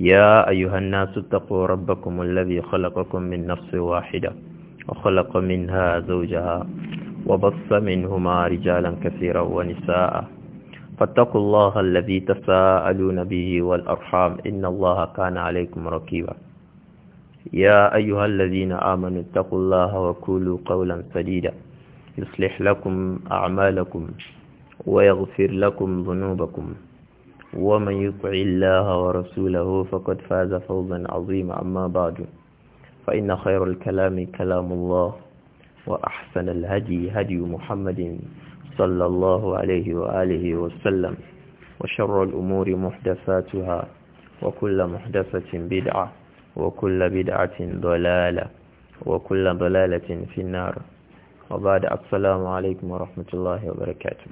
يا أيها الناس اتقوا ربكم الذي خلقكم من نفس واحدة وخلق منها زوجها وبص منهما رجالا كثيرا ونساء فاتقوا الله الذي تساءلون به والأرحام إن الله كان عليكم ركيبا يا أيها الذين آمنوا اتقوا الله وقولوا قولا سديدا يصلح لكم أعمالكم ويغفر لكم ذنوبكم ومن يطع الله ورسوله فقد فاز فوزا عظيما أما بعد فإن خير الكلام كلام الله وأحسن الهدي هدي محمد صلى الله عليه وآله وسلم وشر الأمور محدثاتها وكل محدثة بدعة وكل بدعة ضلالة وكل ضلالة في النار وبعد السلام عليكم ورحمة الله وبركاته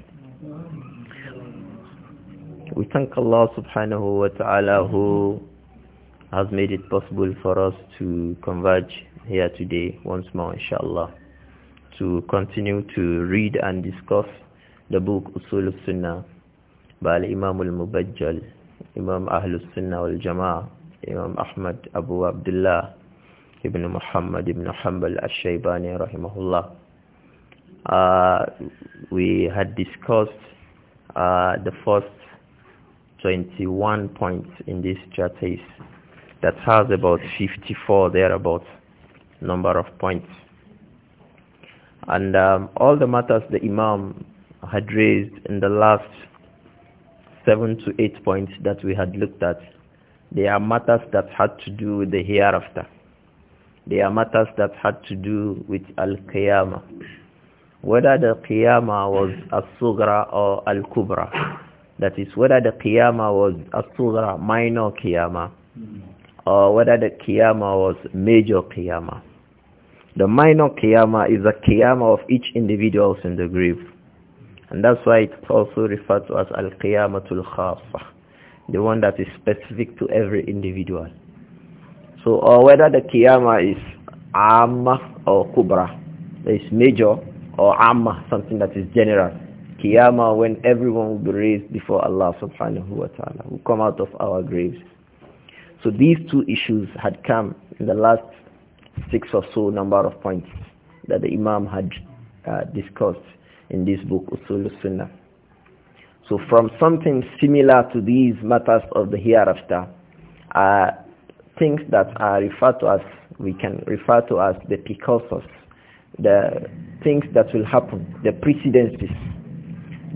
We thank Allah subhanahu wa ta'ala who has made it possible for us to converge here today once more inshallah to continue to read and discuss the book Usul al-Sunnah by Imam al-Mubajjal, Imam al Sunnah wal Jama'ah, Imam Ahmad Abu Abdullah Ibn Muhammad Ibn Hanbal al-Shaybani rahimahullah. Uh, we had discussed uh, the first 21 points in this chart is that has about 54 thereabouts number of points. And um, all the matters the Imam had raised in the last seven to eight points that we had looked at, they are matters that had to do with the hereafter. They are matters that had to do with Al-Qiyamah. Whether the Qiyamah was al sugra or Al-Kubra. That is whether the Qiyamah was a minor Qiyamah, or whether the Qiyamah was major Qiyamah. The minor Qiyamah is the Qiyamah of each individual in the grave. And that's why it's also referred to as Al-Qiyamatul Khafah, the one that is specific to every individual. So or whether the Qiyamah is Amma or Kubra, is major or Amma, something that is general. Qiyamah when everyone will be raised before Allah subhanahu wa ta'ala, will come out of our graves. So these two issues had come in the last six or so number of points that the Imam had uh, discussed in this book, Usul Sunnah. So from something similar to these matters of the hereafter things that are referred to as, we can refer to as the precursors, the things that will happen, the precedences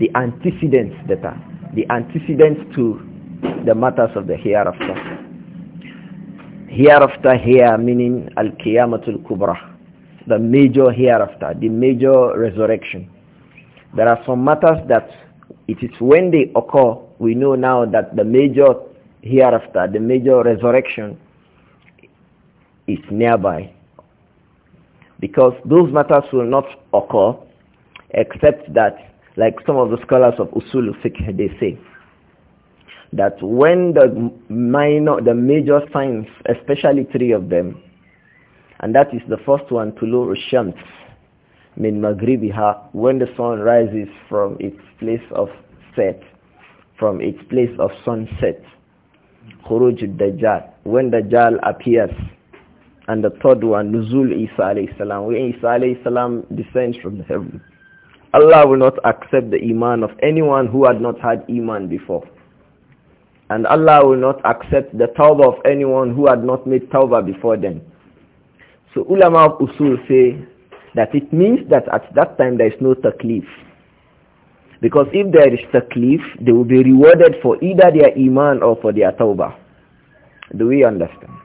the antecedents that are the antecedents to the matters of the hereafter. Hereafter here meaning Al-Qiyamatul Kubra, the major hereafter, the major resurrection. There are some matters that it is when they occur, we know now that the major hereafter, the major resurrection is nearby. Because those matters will not occur except that like some of the scholars of Usul Fiqh, they say that when the minor, the major signs, especially three of them, and that is the first one, Tulur Shams, min Maghribiha, when the sun rises from its place of set, from its place of sunset, Khuruj Dajjal, when Dajjal appears, and the third one, Nuzul Isa alayhi salam, when Isa alayhi salam descends from the heaven. Allah will not accept the iman of anyone who had not had iman before. And Allah will not accept the tawbah of anyone who had not made tawbah before them. So ulama of usul say that it means that at that time there is no taklif. Because if there is taklif, they will be rewarded for either their iman or for their tawbah. Do we understand?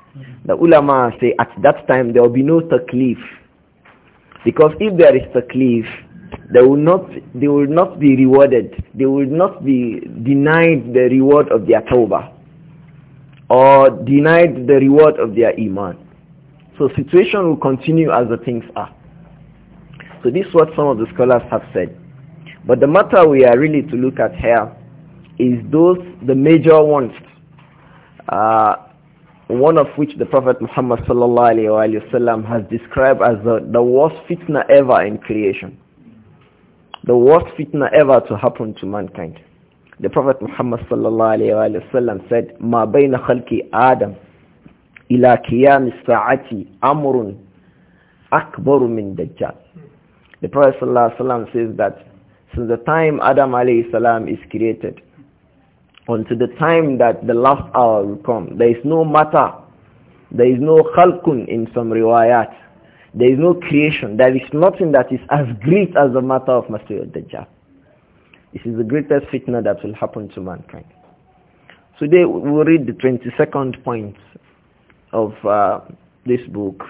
The ulama say at that time there will be no taklif. Because if there is taklif, they will not they will not be rewarded they will not be denied the reward of their tawbah or denied the reward of their iman so situation will continue as the things are so this is what some of the scholars have said but the matter we are really to look at here is those the major ones uh, one of which the prophet muhammad sallallahu alaihi wasallam has described as the, the worst fitna ever in creation the worst fitna ever to happen to mankind. The Prophet Muhammad sallallahu alayhi wa sallam said, "Ma bayna خَلْقِ Adam ila كِيَامِ السَّاعَةِ amrun akbar min dajjal." The Prophet sallallahu alayhi wa sallam says that since the time Adam alayhi salam is created until the time that the last hour will come, there is no matter, there is no khalqun in some riwayat there is no creation. There is nothing that is as great as the matter of Masih al-Dajjal. This is the greatest fitna that will happen to mankind. Today we will read the 22nd point of uh, this book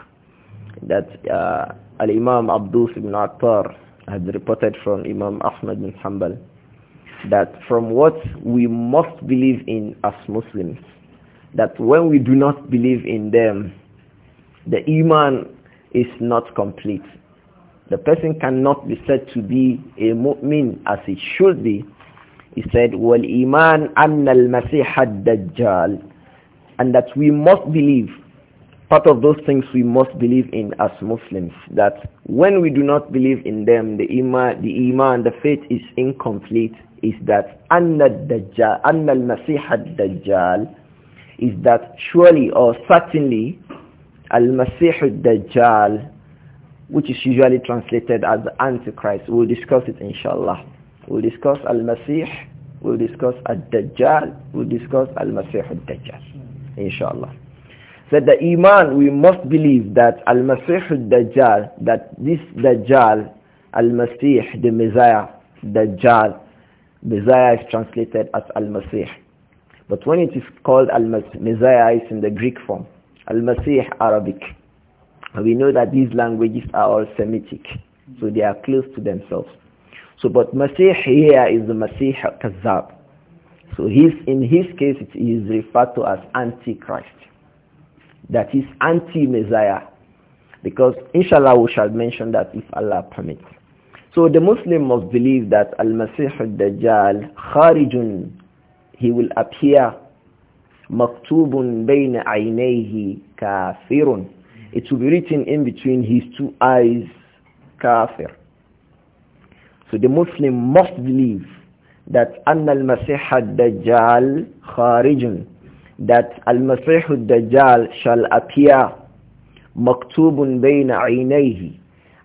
that uh, Al-Imam Abdul ibn Attar reported from Imam Ahmad bin Hanbal that from what we must believe in as Muslims, that when we do not believe in them, the Iman is not complete. The person cannot be said to be a mu'min as it should be. He said, وَالْإِيمَانْ masih had الدَّجَّالِ And that we must believe, part of those things we must believe in as Muslims, that when we do not believe in them, the iman, the, iman, the faith is incomplete, is that an الدَّجَّالِ masih had الدَّجَّالِ is that surely or certainly Al-Masih dajjal which is usually translated as the Antichrist. We'll discuss it inshallah. We'll discuss Al-Masih, we'll discuss al dajjal we'll discuss Al-Masih al dajjal inshallah. So the Iman, we must believe that Al-Masih al dajjal that this Dajjal, Al-Masih, the Messiah, Dajjal, Messiah is translated as Al-Masih. But when it is called Al-Masih, Messiah is in the Greek form. Al-Masih Arabic. we know that these languages are all Semitic, so they are close to themselves. So, but Masih here is the Masih Kazzab. So his, in his case, it is referred to as Antichrist. That is anti-Messiah. Because inshallah we shall mention that if Allah permits. So the Muslim must believe that Al-Masih al-Dajjal kharijun, he will appear maktubun aynayhi kafirun it will be written in between his two eyes kafir so the muslim must believe that anna al-masih ad-dajjal kharijun that al-masih ad-dajjal shall appear maktubun bayna aynayhi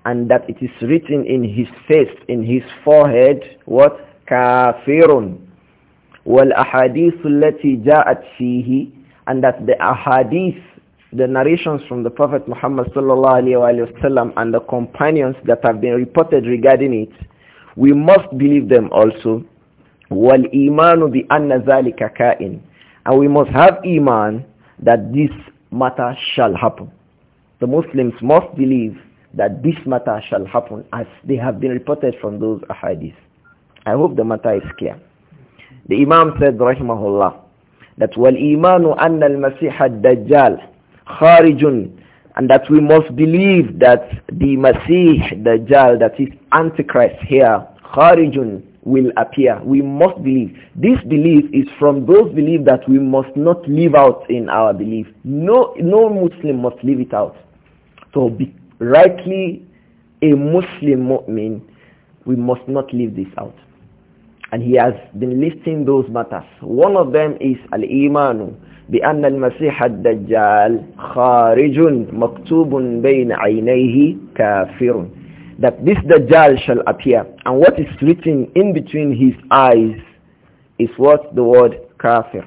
and that it is written in his face in his forehead what kafirun وَالْأَحَادِيثُ الَّتِي جَاءَتْ فِيهِ And that the ahadith, the narrations from the Prophet Muhammad sallallahu alayhi wasallam and the companions that have been reported regarding it, we must believe them also. وَالْإِيمَانُ بِأَنَّ ذَلِكَ كَائِنٌ And we must have iman that this matter shall happen. The Muslims must believe that this matter shall happen as they have been reported from those ahadith. I hope the matter is clear. The Imam said, rahimahullah, that وَالْإِيمَانُ أَنَّ الْمَسِيحَ الدَّجَّالِ خَارِجٌ And that we must believe that the Masih, Dajjal, that is Antichrist here, خَارِجٌ will appear. We must believe. This belief is from those beliefs that we must not leave out in our belief. No, no Muslim must leave it out. So be rightly a Muslim mu'min, we must not leave this out. And he has been listing those matters. One of them is al-imanu بأن المسيح الدجال خارج مكتوب بين عينيه كافر that this Dajjal shall appear. And what is written in between his eyes is what the word kafir.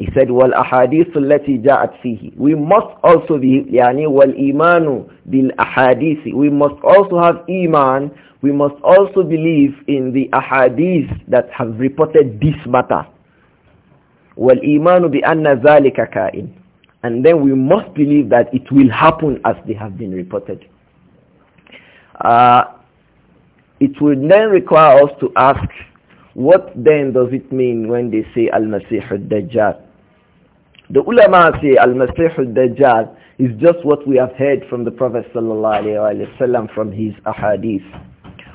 He said, وَالْأَحَادِيثُ الَّتِي jaat fihi." We must also be, imanu bil بِالْأَحَادِيثِ We must also have iman. We must also believe in the ahadith that have reported this matter. وَالْإِيمَانُ بِأَنَّ ذَلِكَ كَائِنٌ And then we must believe that it will happen as they have been reported. Uh, it will then require us to ask, what then does it mean when they say Al-Masih dajjal the ulama say al-Masih al-Dajjal is just what we have heard from the Prophet sallallahu from his ahadith.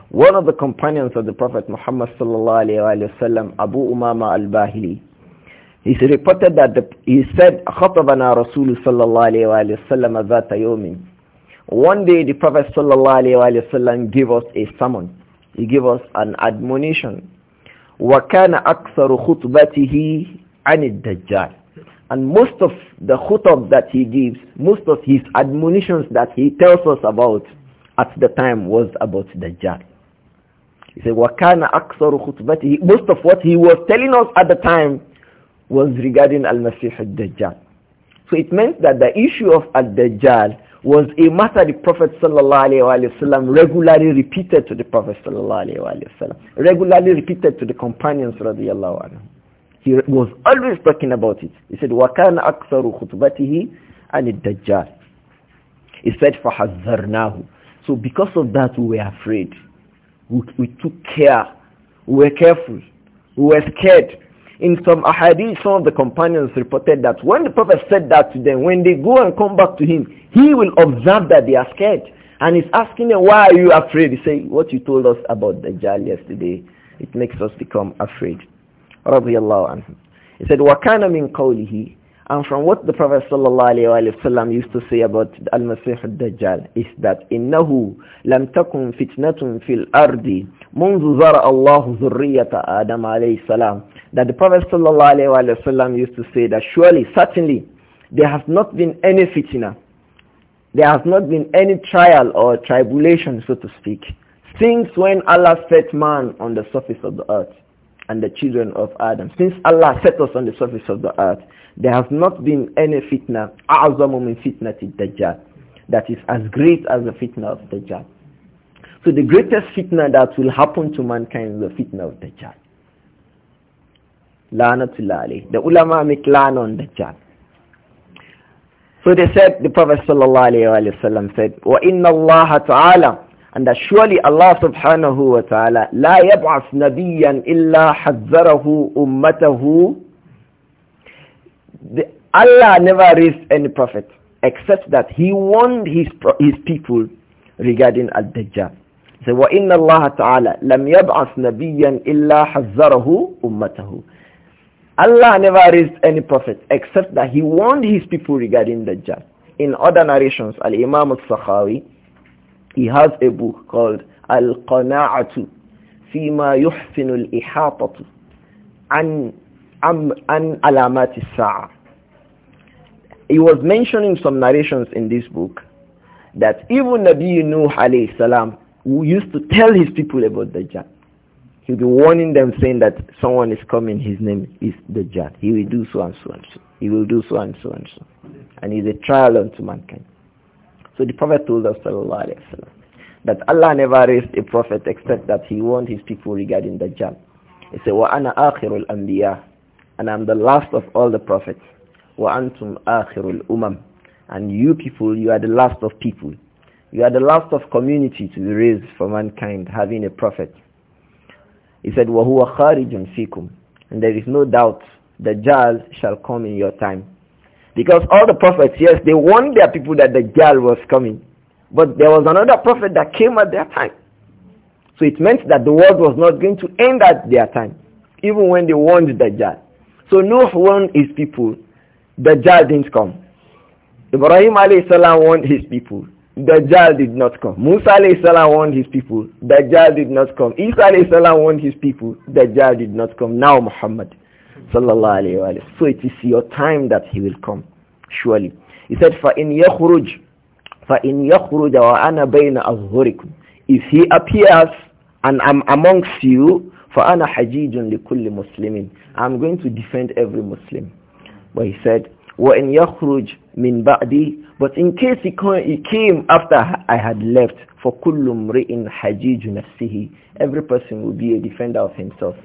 One of the companions of the Prophet Muhammad sallallahu Abu Umama al-Bahili, he reported that the, he said, خطبنا رسول صلى الله عليه وسلم ذات يوم. One day the Prophet sallallahu alaihi wasallam gave us a sermon. He gave us an admonition. وَكَانَ أَكْثَرُ خُطْبَتِهِ عَنِ الدَّجَّالِ and most of the khutab that he gives, most of his admonitions that he tells us about at the time was about Dajjal. He said, وَكَانَ أَكْثَرُ خُطْبَتِهِ Most of what he was telling us at the time was regarding Al-Masih al-Dajjal. So it meant that the issue of Al-Dajjal was a matter the Prophet ﷺ regularly repeated to the Prophet ﷺ, regularly repeated to the companions radiallahu anhu. He was always talking about it. He said, وَكَانَ أَكْثَرُ خُطْبَتِهِ عَنِ الدَّجَّالِ He said, فَحَذَّرْنَاهُ So because of that, we were afraid. We, we took care. We were careful. We were scared. In some ahadith, some of the companions reported that when the Prophet said that to them, when they go and come back to him, he will observe that they are scared. And he's asking them, why are you afraid? He say, what you told us about Dajjal yesterday, it makes us become afraid radiallahu anhu. He said, وَكَانَ مِنْ قَوْلِهِ And from what the Prophet ﷺ used to say about Al-Masih al-Dajjal is that إِنَّهُ لَمْ تَكُنْ فِتْنَةٌ فِي الْأَرْضِ مُنْذُ ذر اللَّهُ ذُرِّيَّةَ آدَمَ عَلَيْهِ السَّلَامِ That the Prophet ﷺ used to say that surely, certainly, there has not been any fitna. There has not been any trial or tribulation, so to speak, since when Allah set man on the surface of the earth and the children of Adam. Since Allah set us on the surface of the earth, there has not been any fitna, أعظم من فتنة الدجال, that is as great as the fitna of Dajjal. So the greatest fitna that will happen to mankind is the fitna of Dajjal. La'natullah The ulama make la'na on Dajjal. So they said, the Prophet sallallahu alayhi wa sallam said, وَإِنَّ اللَّهَ تَعَالَى and that surely Allah subhanahu wa ta'ala لا يبعث نبيا إلا حذره أمته the, Allah never raised any prophet except that he warned his, his people regarding Al-Dajjal. so said, وَإِنَّ اللَّهَ تَعَالَى لَمْ يَبْعَثْ نَبِيًّا إِلَّا حَذَّرَهُ أُمَّتَهُ Allah never raised any prophet except that he warned his people regarding Dajjal. In other narrations, Al-Imam al-Sakhawi, he has a book called Al-Qana'atu Fima Yuhsinu Al-Ihatatu An, am, an Alamati Sa'a. He was mentioning some narrations in this book that even Nabi Nuh alayhi salam who used to tell his people about Dajjal. he would be warning them saying that someone is coming, his name is Dajjal. He will do so and so and so. He will do so and so and so. And he's a trial unto mankind. So the Prophet told us وسلم, that Allah never raised a prophet except that he warned his people regarding the Dajjal. He said, وَأَنَا آخِرُ الْأَنْبِيَاءِ And I'm the last of all the prophets. وَأَنْتُمْ آخِرُ الْأُمَمِ And you people, you are the last of people. You are the last of community to be raised for mankind, having a prophet. He said, وَهُوَ خَارِجٌ فِيكُمْ And there is no doubt, the Dajjal shall come in your time. Because all the prophets, yes, they warned their people that the Dajjal was coming. But there was another prophet that came at their time. So it meant that the world was not going to end at their time, even when they warned the Dajjal. So Noah warned his people. The Dajjal didn't come. Ibrahim a.s. warned his people. the Dajjal did not come. Musa a.s. warned his people. the Dajjal did not come. Isa a.s. warned his people. the Dajjal did not come. Now Muhammad. So it is your time that he will come surely. He said "For in yakhruj fa in yakhruj wa ana bayna adhhurikum. If he appears and I'm amongst you for ana hajijun li kulli muslimin. I'm going to defend every muslim. But he said wa in yakhruj min ba'di but in case he came, after I had left for kullu in hajijun nafsihi every person will be a defender of himself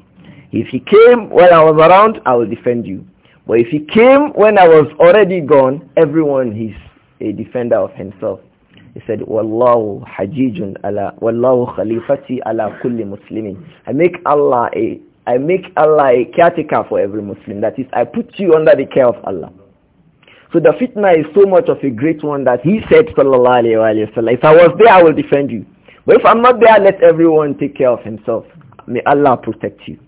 if he came while I was around, I will defend you. But if he came when I was already gone, everyone is a defender of himself. He said, Wallahu hajijun ala, Wallahu khalifati ala kulli muslimin. I make Allah a, I make Allah a caretaker for every Muslim. That is, I put you under the care of Allah. So the fitna is so much of a great one that he said, sallallahu alayhi wa, alayhi wa sallam, if I was there, I will defend you. But if I'm not there, let everyone take care of himself. May Allah protect you.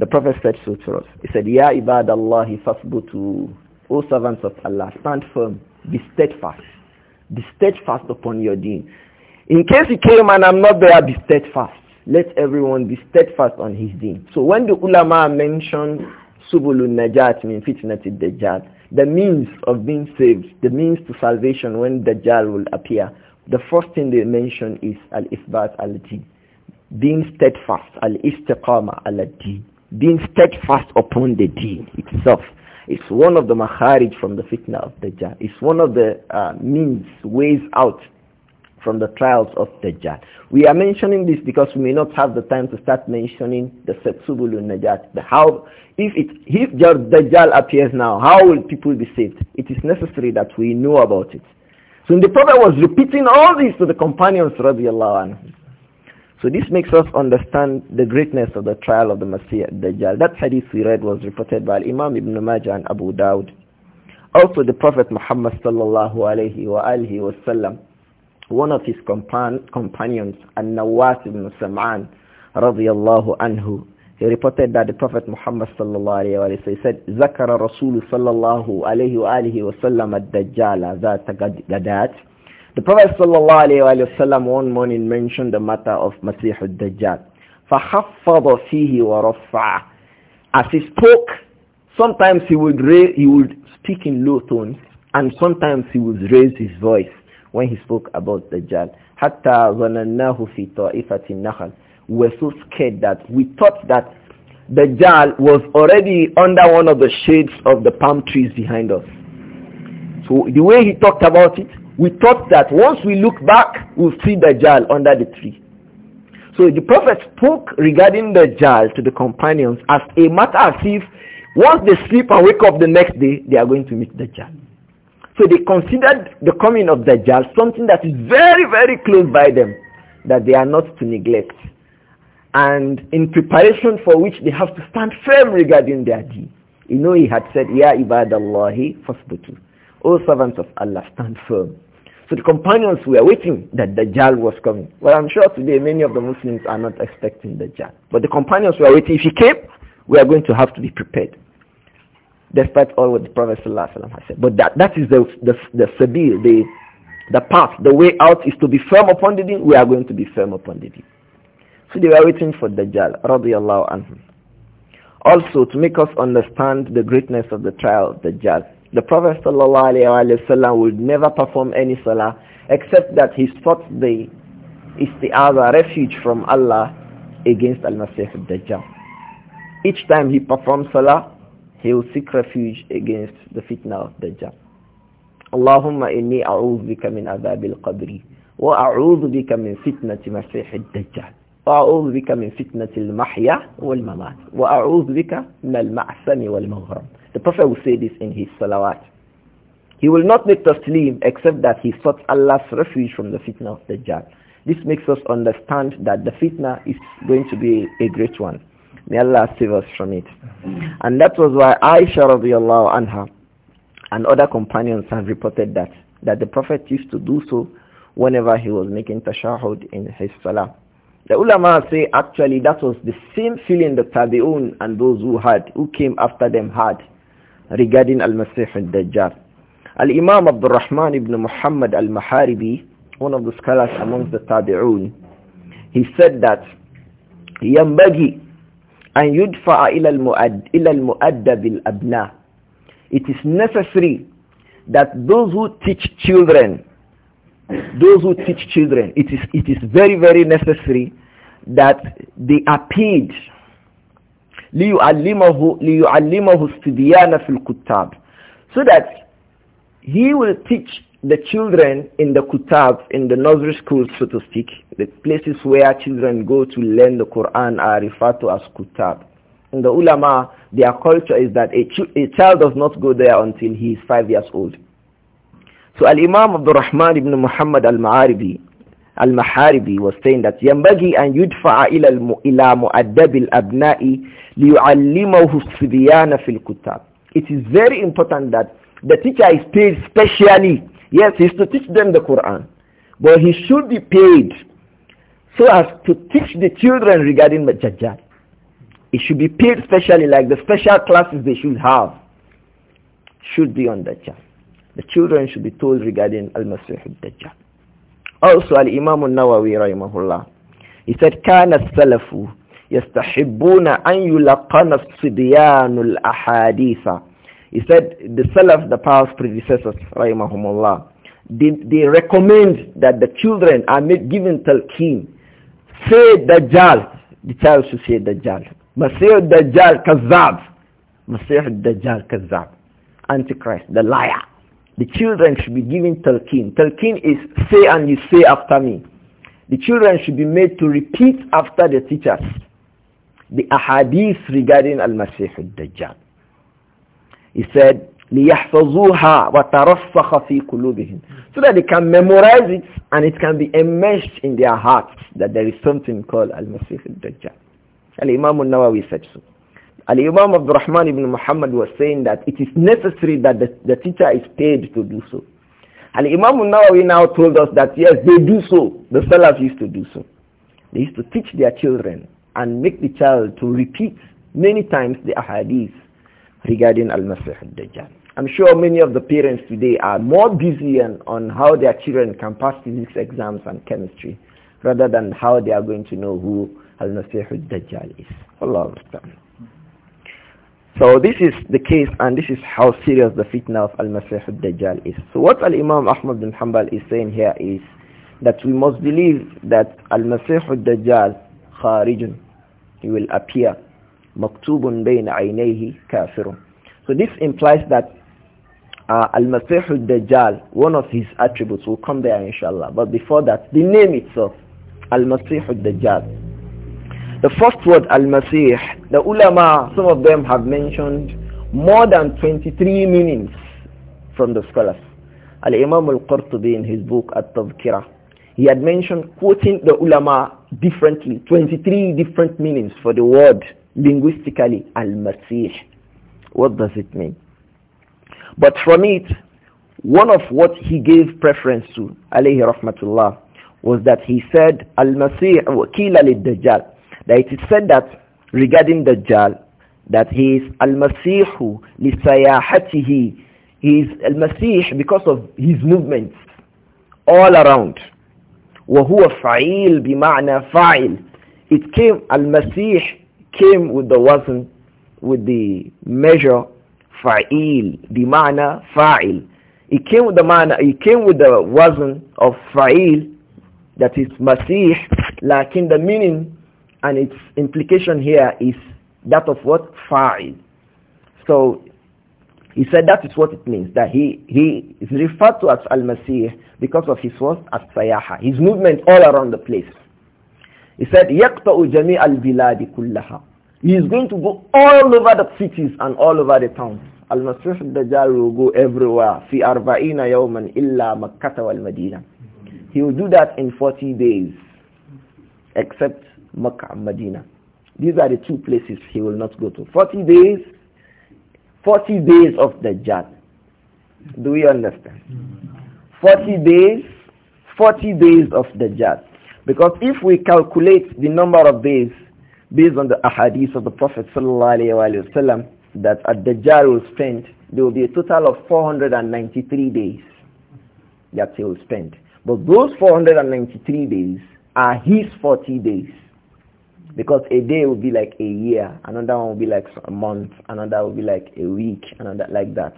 The Prophet said so to us. He said, Ya ibadallahi fasbutu. O servants of Allah, stand firm. Be steadfast. Be steadfast upon your deen. In case you came and I'm not there, be steadfast. Let everyone be steadfast on his deen. So when the ulama mentioned subulun najat min fitnati dajjal, the means of being saved, the means to salvation when dajjal will appear, the first thing they mention is al-isbat al din Being steadfast, al-istiqama al din being steadfast upon the deen itself. It's one of the makharij from the fitna of Dajjal. It's one of the uh, means, ways out from the trials of Dajjal. We are mentioning this because we may not have the time to start mentioning the Satsubulun Najat. The how, if, it, if Dajjal appears now, how will people be saved? It is necessary that we know about it. So the Prophet was repeating all this to the companions radiallahu anhu. So this makes us understand the greatness of the trial of the Messiah Dajjal. That hadith we read was reported by Imam Ibn Majah and Abu Dawud. Also the Prophet Muhammad sallallahu alayhi wa alihi wasallam, one of his companions, An-Nawas ibn Sam'an radiyallahu anhu, he reported that the Prophet Muhammad sallallahu alayhi wa alihi said, ذَكَرَ رَسُولُ صلى الله عليه وآله وسلم ad ذَاتَ غَدَاتٍ the Prophet ﷺ one morning mentioned the matter of Masih al-Dajjal. فَحَفَّضَ فِيهِ وَرَفَّعَ As he spoke, sometimes he would, he would speak in low tones and sometimes he would raise his voice when he spoke about Dajjal. حَتَّى ظَنَنَّاهُ فِي طَائِفَةِ النَّخَلِ We were so scared that we thought that Dajjal was already under one of the shades of the palm trees behind us. So the way he talked about it, we thought that once we look back, we'll see Dajjal under the tree. So the Prophet spoke regarding Dajjal to the companions as a matter as if once they sleep and wake up the next day, they are going to meet Dajjal. So they considered the coming of Dajjal something that is very, very close by them, that they are not to neglect. And in preparation for which they have to stand firm regarding their deed. You know he had said, Ya ibadallahi two, O servants of Allah, stand firm. So the companions were waiting that Dajjal was coming. Well, I'm sure today many of the Muslims are not expecting Dajjal. But the companions were waiting. If he came, we are going to have to be prepared. Despite all what the Prophet has said. But that, that is the, the, the sabil, the, the path, the way out is to be firm upon the deen. We are going to be firm upon the deen. So they were waiting for Dajjal, radiallahu anhu. Also, to make us understand the greatness of the trial of Dajjal, the Prophet ﷺ would never perform any salah except that he sought the isti'adha, refuge from Allah against Al-Masih al-Dajjal. Each time he performs salah, he will seek refuge against the fitna of Dajjal. Allahumma inni a'udhu bika min adhab al-qabri wa a'udhu bika min fitnati masih al-Dajjal. وأعوذ wal-mamāt, wa المحيا bika min al من wal والمغرب the Prophet will say this in his salawat. He will not make taslim except that he sought Allah's refuge from the fitna of Dajjal. This makes us understand that the fitna is going to be a great one. May Allah save us from it. And that was why Aisha radiallahu anha and other companions have reported that, that the Prophet used to do so whenever he was making tashahud in his salah. The ulama say actually that was the same feeling the tabi'un and those who had, who came after them had regarding Al-Masih al-Dajjal. Al-Imam Abdul Rahman ibn Muhammad al-Maharibi, one of the scholars among the Tabi'un, he said that ينبغي أن يدفع إلى المؤدب It is necessary that those who teach children, those who teach children, it is it is very very necessary that they appeal لِيُعَلِّمَهُ لِيُعَلِّمَهُ السِّبْيَانَ فِي So that he will teach the children in the kutab, in the nursery schools, so to speak, the places where children go to learn the Quran are referred to as kutab. In the ulama, their culture is that a, ch a child does not go there until he is five years old. So Al-Imam Abdul Rahman ibn Muhammad al-Ma'aribi, Al-Maharibi was saying that ينبغي أن يدفع إلى إلى مؤدب الأبناء ليعلمه الصبيان في kutab It is very important that the teacher is paid specially. Yes, he is to teach them the Quran, but he should be paid so as to teach the children regarding the Dajjal. It should be paid specially, like the special classes they should have should be on that. The children should be told regarding Al-Masih al-Dajjal. Also al-Imam al-Nawawi rahimahullah. He said, كان salafu يستحبون أن يلقن الصبيان الأحاديث. He said, the Salaf, the past predecessors, rahimahumullah, they, they recommend that the children are made, given talqin, Say Dajjal. The child should say Dajjal. Masih Dajjal Kazzab. Masih Dajjal Kazzab. Antichrist, the liar. The children should be given talqin. Talqin is say and you say after me. The children should be made to repeat after the teachers the ahadith regarding Al-Masih al-Dajjal. He said, لِيَحْفَظُوهَا وَتَرَسَّخَ فِي قُلُوبِهِمْ So that they can memorize it and it can be enmeshed in their hearts that there is something called Al-Masih al-Dajjal. Al-Imam al-Nawawi said so. Al-Imam Abdul Rahman ibn Muhammad was saying that it is necessary that the, the teacher is paid to do so. Al-Imam Nawawi now told us that yes, they do so. The Salaf used to do so. They used to teach their children and make the child to repeat many times the ahadith regarding Al-Masih al-Dajjal. I'm sure many of the parents today are more busy on, on how their children can pass physics exams and chemistry rather than how they are going to know who Al-Masih al-Dajjal is. Allah understand. So this is the case and this is how serious the fitna of Al-Masih al-Dajjal is. So what Al-Imam Ahmad bin Hanbal is saying here is that we must believe that Al-Masih al-Dajjal kharijun. He will appear. Maktubun bayna aynayhi kafirun. So this implies that uh, Al-Masih al-Dajjal, one of his attributes will come there inshallah. But before that, the name itself, Al-Masih al-Dajjal, the first word, Al-Masih, the ulama, some of them have mentioned more than 23 meanings from the scholars. Al-Imam Al-Qurtubi in his book At-Tadhkirah, he had mentioned quoting the ulama differently, 23 different meanings for the word linguistically, Al-Masih. What does it mean? But from it, one of what he gave preference to, alayhi rahmatullah, was that he said, Al-Masih wa kila dajjal that it is said that regarding Dajjal, that he is al-masihu li-sayahatihi, He is al-masih because of his movements all around. وَهُوَ فَعِيل بِمَعْنَى fa'il, It came, al-masih came with the wazn, with the measure fa'il, bima'na fa'il. It came with the mana, it came with the wazn of fa'il, that is masih, like in the meaning and its implication here is that of what fa'il so he said that is what it means that he he is referred to as al-masih because of his what as sayaha his movement all around the place he said yaqta'u jami' al-bilad kullaha he is going to go all over the cities and all over the towns al-masih al dajjal will go everywhere fi arba'ina yawman illa makkah wal madina he will do that in 40 days except Makkah Medina. These are the two places he will not go to. 40 days, 40 days of the Dajjal. Do we understand? 40 days, 40 days of the Dajjal. Because if we calculate the number of days based on the ahadith of the Prophet wasallam that the dajjal will spend, there will be a total of 493 days that he will spend. But those 493 days are his 40 days. Because a day will be like a year, another one will be like a month, another will be like a week, another like that.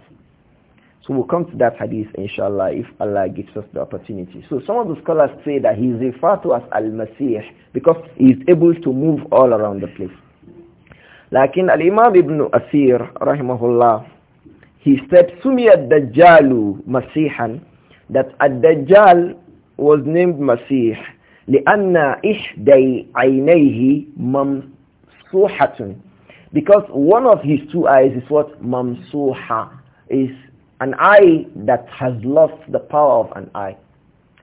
So we'll come to that hadith inshallah if Allah gives us the opportunity. So some of the scholars say that he is referred to as Al-Masih because he is able to move all around the place. Lakin Al-Imam Ibn Asir rahimahullah, he said Sumi ad-Dajjalu Masihan that Ad-Dajjal was named Masih لأن إحدى عينيه ممسوحة because one of his two eyes is what ممسوحة is an eye that has lost the power of an eye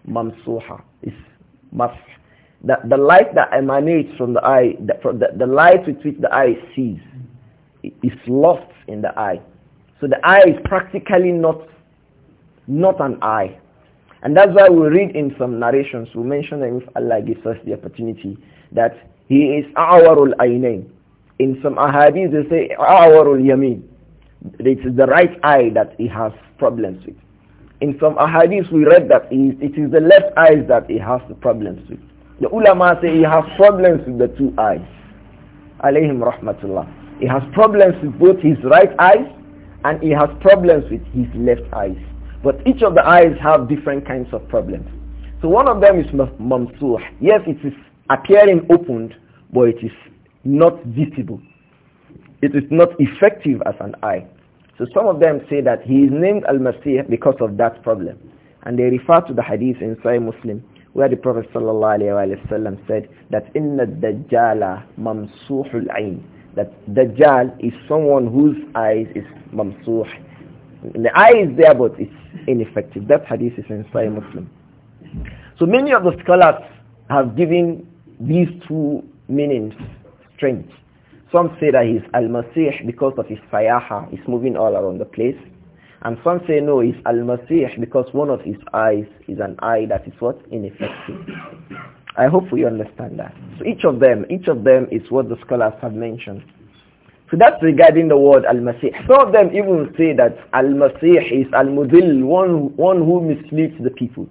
ممسوحة is maf the, the light that emanates from the eye the, from the, the light with which the eye sees is lost in the eye so the eye is practically not not an eye and that's why we read in some narrations, we mention that if Allah gives us the opportunity, that he is awarul aynain. In some ahadith they say awarul yameen. It's the right eye that he has problems with. In some ahadith we read that it is the left eye that he has the problems with. The ulama say he has problems with the two eyes. Alayhim rahmatullah. He has problems with both his right eyes and he has problems with his left eyes. But each of the eyes have different kinds of problems. So one of them is mamsuh. Yes, it is appearing opened, but it is not visible. It is not effective as an eye. So some of them say that he is named Al-Masih because of that problem. And they refer to the hadith in Sahih Muslim where the Prophet ﷺ said that inna Dajjal mamsuhul ayn that dajjal is someone whose eyes is mamsuh the eye is there, but it's ineffective. That hadith is in Sahih Muslim. So many of the scholars have given these two meanings strength. Some say that he's Al-Masih because of his sayaha, he's moving all around the place. And some say no, he's Al-Masih because one of his eyes is an eye that is what? Ineffective. I hope we understand that. So each of them, each of them is what the scholars have mentioned. So that's regarding the word Al-Masih. Some of them even say that Al-Masih is Al-Mudil, one, one who misleads the people.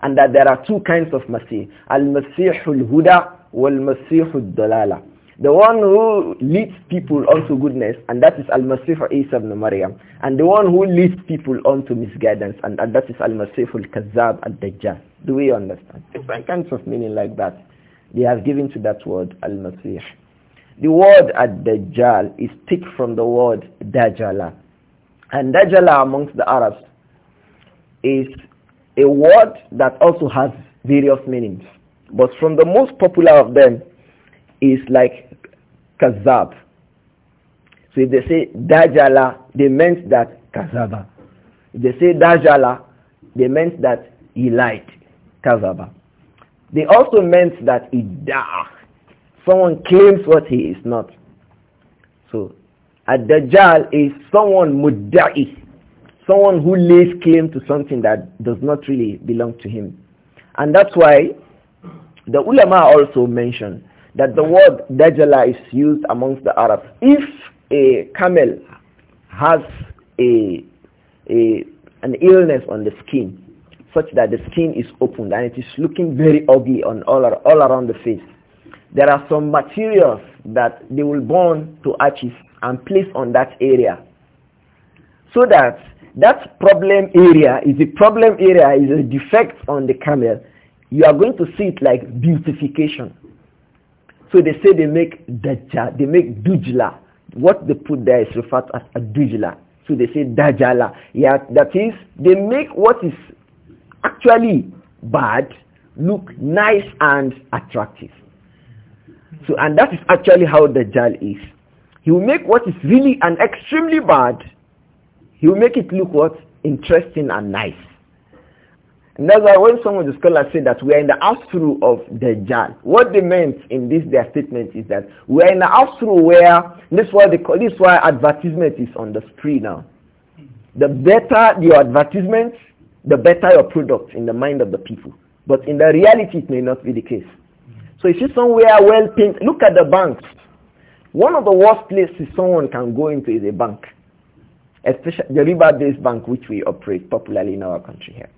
And that there are two kinds of Masih. Al-Masihul Huda wal-Masihul Dalala. The one who leads people onto goodness, and that is Al-Masih Isa ibn Maryam. And the one who leads people onto misguidance, and, and that is Al-Masih al-Kazab al-Dajjal. Do we understand? Different kinds of meaning like that. They have given to that word Al-Masih. The word ad-dajjal is taken from the word dajjala. And dajjala amongst the Arabs is a word that also has various meanings. But from the most popular of them is like kazab. So if they say dajjala, they meant that kazaba. If they say dajjala, they meant that he lied, kazaba. They also meant that he died someone claims what he is not. So, a dajjal is someone mudda'i, someone who lays claim to something that does not really belong to him. And that's why the ulama also mentioned that the word Dajjal is used amongst the Arabs. If a camel has a, a, an illness on the skin, such that the skin is opened and it is looking very ugly on all, all around the face, there are some materials that they will burn to ashes and place on that area. So that that problem area is a problem area, is a defect on the camel. You are going to see it like beautification. So they say they make Dajjal, they make Dujla. What they put there is referred to as a Dujla. So they say dajala. Yeah, that is, they make what is actually bad look nice and attractive. So, and that is actually how the Dajjal is. He will make what is really and extremely bad, he will make it look what? Interesting and nice. And that's why when some of the scholars say that we are in the outthrough of the Dajjal, what they meant in this their statement is that we are in the outthrough where this is why they call this why advertisement is on the spree now. The better your advertisement, the better your product in the mind of the people. But in the reality, it may not be the case. So if you somewhere well paint, look at the banks. One of the worst places someone can go into is a bank, especially the river-based bank which we operate popularly in our country here.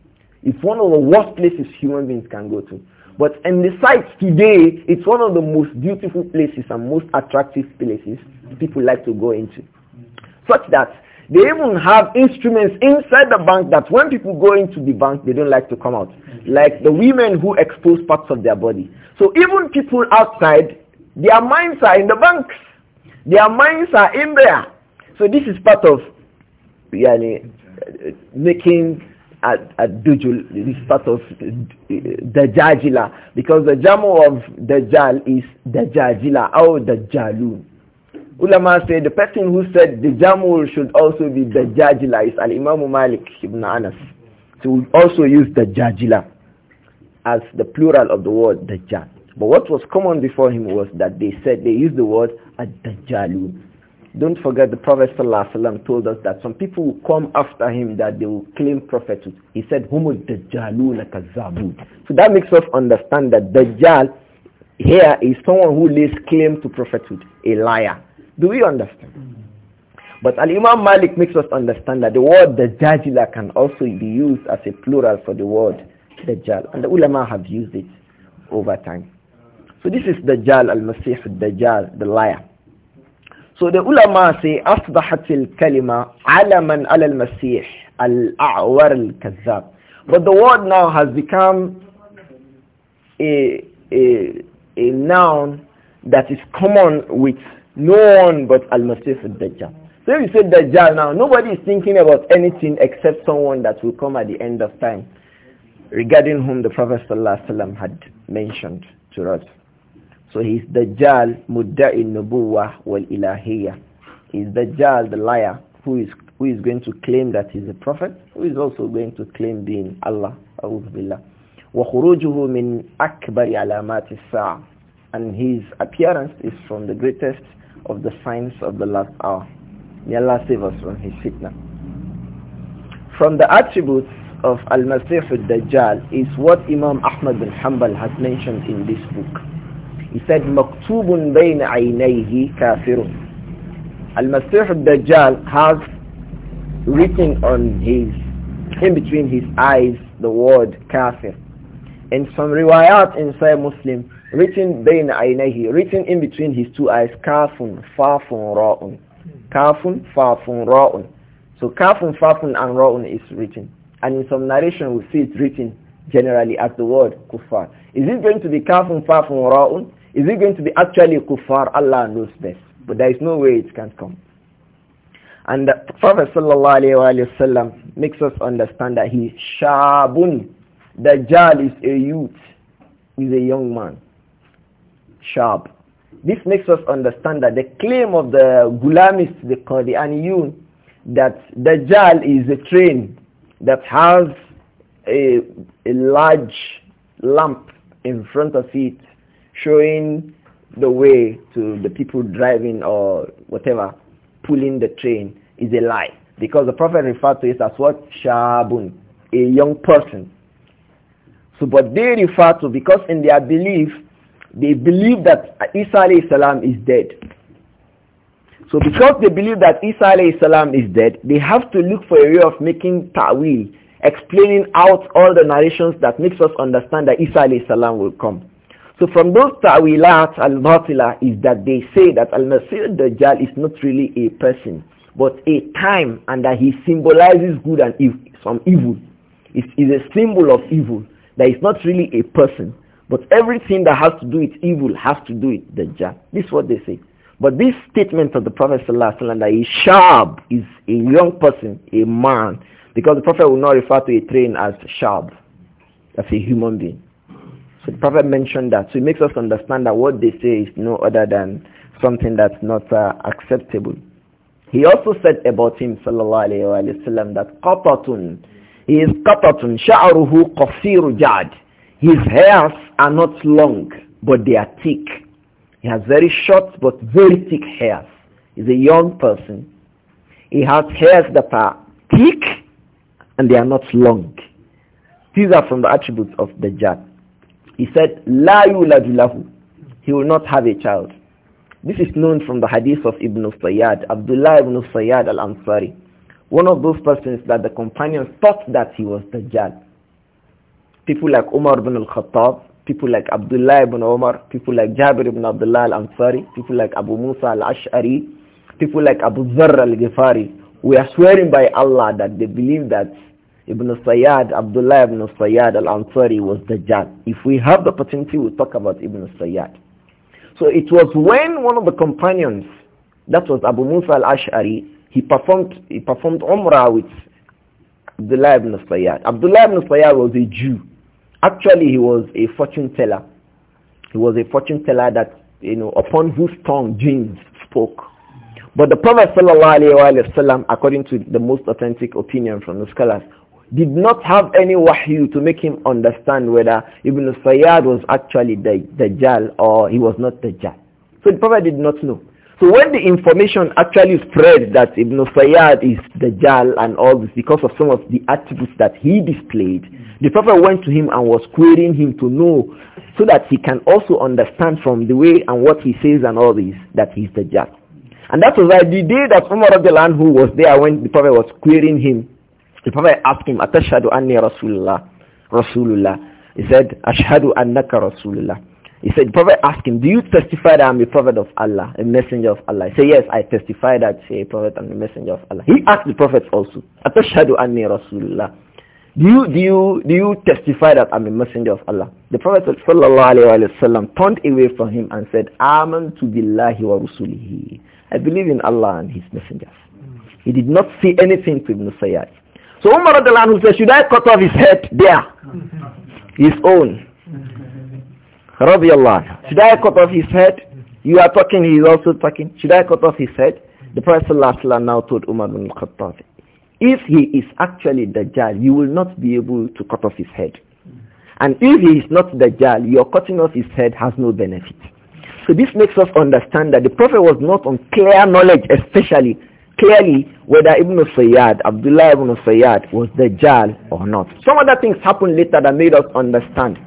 It's one of the worst places human beings can go to. But in the sites today, it's one of the most beautiful places and most attractive places people like to go into. Such that they even have instruments inside the bank that when people go into the bank, they don't like to come out like the women who expose parts of their body. So even people outside, their minds are in the banks. Their minds are in there. So this is part of yani, making a, a dujul. This is part of the jajila because the jamu of dajal is dajajila or jalun. Ulama said the person who said the jamu should also be jajila is Al-Imam Malik ibn Anas. So we also use the jajila as the plural of the word dajjal. But what was common before him was that they said they used the word ad-dajjalu. Don't forget the Prophet ﷺ told us that some people will come after him that they will claim prophethood. He said, Humu dajjaluna kazabun. So that makes us understand that dajjal here is someone who lays claim to prophethood, a liar. Do we understand? But Al-Imam Malik makes us understand that the word Dajjal can also be used as a plural for the word Dajjal. And the ulama have used it over time. So this is Dajjal, Al-Masih, Dajjal, the liar. So the ulama say, أصبحت الكلمة علما على المسيح الأعور الكذاب. But the word now has become a, a, a noun that is common with no one but Al-Masih al-Dajjal. So you say Dajjal now, nobody is thinking about anything except someone that will come at the end of time regarding whom the Prophet ﷺ had mentioned to us. So he's Dajjal Mudda'i Nubuwah wal Ilahiyah. He's Dajjal, the liar, who is, who is going to claim that he's a prophet, who is also going to claim being Allah. Billah. وَخُرُوجُهُ مِنْ أَكْبَرِ عَلَامَاتِ السَّاعَةِ And his appearance is from the greatest of the signs of the last hour. May Allah save us from his fitna. From the attributes of Al-Masih al-Dajjal is what Imam Ahmad bin Hanbal has mentioned in this book. He said, مَكْتُوبٌ بَيْنَ عَيْنَيْهِ كَافِرٌ Al-Masih al-Dajjal has written on his, in between his eyes, the word kafir. And some riwayat in Sahih Muslim, written بَيْنَ عَيْنَيْهِ, written in between his two eyes, kafun, fafun, ra'un. Kafun, Fafun, Ra'un. So Kafun, Fafun and Ra'un is written. And in some narration we see it written generally as the word Kufar. Is it going to be Kafun, Fafun, Ra'un? Is it going to be actually Kufar? Allah knows best. But there is no way it can come. And the Prophet ﷺ makes us understand that he is Shabun. Dajjal is a youth, is a young man. sharp. This makes us understand that the claim of the Gulamists, the Qadianiyun, that Dajjal is a train that has a, a large lamp in front of it showing the way to the people driving or whatever, pulling the train is a lie. Because the Prophet referred to it as what? Shabun, a young person. So but they refer to, because in their belief, they believe that Isa salam is dead. So because they believe that Isa salam is dead, they have to look for a way of making ta'wil, explaining out all the narrations that makes us understand that Isa salam will come. So from those ta'wilat al-batila is that they say that al-Masih dajjal is not really a person, but a time and that he symbolizes good and ev- some evil. It is a symbol of evil that is not really a person. But everything that has to do with evil has to do with Dajjal. This is what they say. But this statement of the Prophet ﷺ that is a young person, a man, because the Prophet will not refer to a train as shab, as a human being. So the Prophet mentioned that. So it makes us understand that what they say is no other than something that's not uh, acceptable. He also said about him, sallallahu alayhi wa sallam, that qatatun, he is qatatun, sha'ruhu qasiru jad. His hairs are not long, but they are thick. He has very short but very thick hairs. He's a young person. He has hairs that are thick and they are not long. These are from the attributes of the Jat. He said, La yuladulahu. He will not have a child. This is known from the hadith of Ibn Sayyad, Abdullah ibn Sayyad al-Ansari. One of those persons that the companions thought that he was the Jat people like Umar ibn al-Khattab, people like Abdullah ibn Umar, people like Jabir ibn Abdullah al-Ansari, people like Abu Musa al-Ash'ari, people like Abu Zarr al-Ghifari. We are swearing by Allah that they believe that Ibn Sayyad, Abdullah ibn Sayyad al-Ansari was judge. If we have the opportunity, we'll talk about Ibn Sayyad. So it was when one of the companions, that was Abu Musa al-Ash'ari, he performed, he performed Umrah with Abdullah ibn Sayyad. Abdullah ibn Sayyad was a Jew. Actually, he was a fortune teller. He was a fortune teller that, you know, upon whose tongue jinns spoke. But the Prophet wasallam, according to the most authentic opinion from the scholars, did not have any wahi to make him understand whether Ibn Sayyad was actually the Dajjal or he was not the Dajjal. So the Prophet did not know. So when the information actually spread that Ibn Sayyad is Dajjal and all this because of some of the attributes that he displayed, the Prophet went to him and was querying him to know so that he can also understand from the way and what he says and all this that he's the judge. And that was why the day that Umar of the land who was there when the Prophet was querying him, the Prophet asked him, Atashhadu anni Rasulullah, Rasulullah. He said, Ashhadu annaka Rasulullah. He said, the Prophet asked him, do you testify that I'm a prophet of Allah, a messenger of Allah? He said, yes, I testify that I'm a prophet and a messenger of Allah. He asked the prophets also, Atashhadu anni Rasulullah. Do you, do you, do you testify that I'm a messenger of Allah? The Prophet wasallam turned away from him and said, Aman to billahi wa rusulihi. I believe in Allah and his messengers. He did not see anything to Ibn Sayyid. So Umar who said, should I cut off his head there? His own. Allah. Should I cut off his head? You are talking, he is also talking. Should I cut off his head? The Prophet now told Umar bin Khattab, if he is actually Dajjal, you will not be able to cut off his head. And if he is not Dajjal, your cutting off his head has no benefit. So this makes us understand that the Prophet was not on clear knowledge, especially clearly whether Ibn Sayyad, Abdullah Ibn Sayyad was Dajjal or not. Some other things happened later that made us understand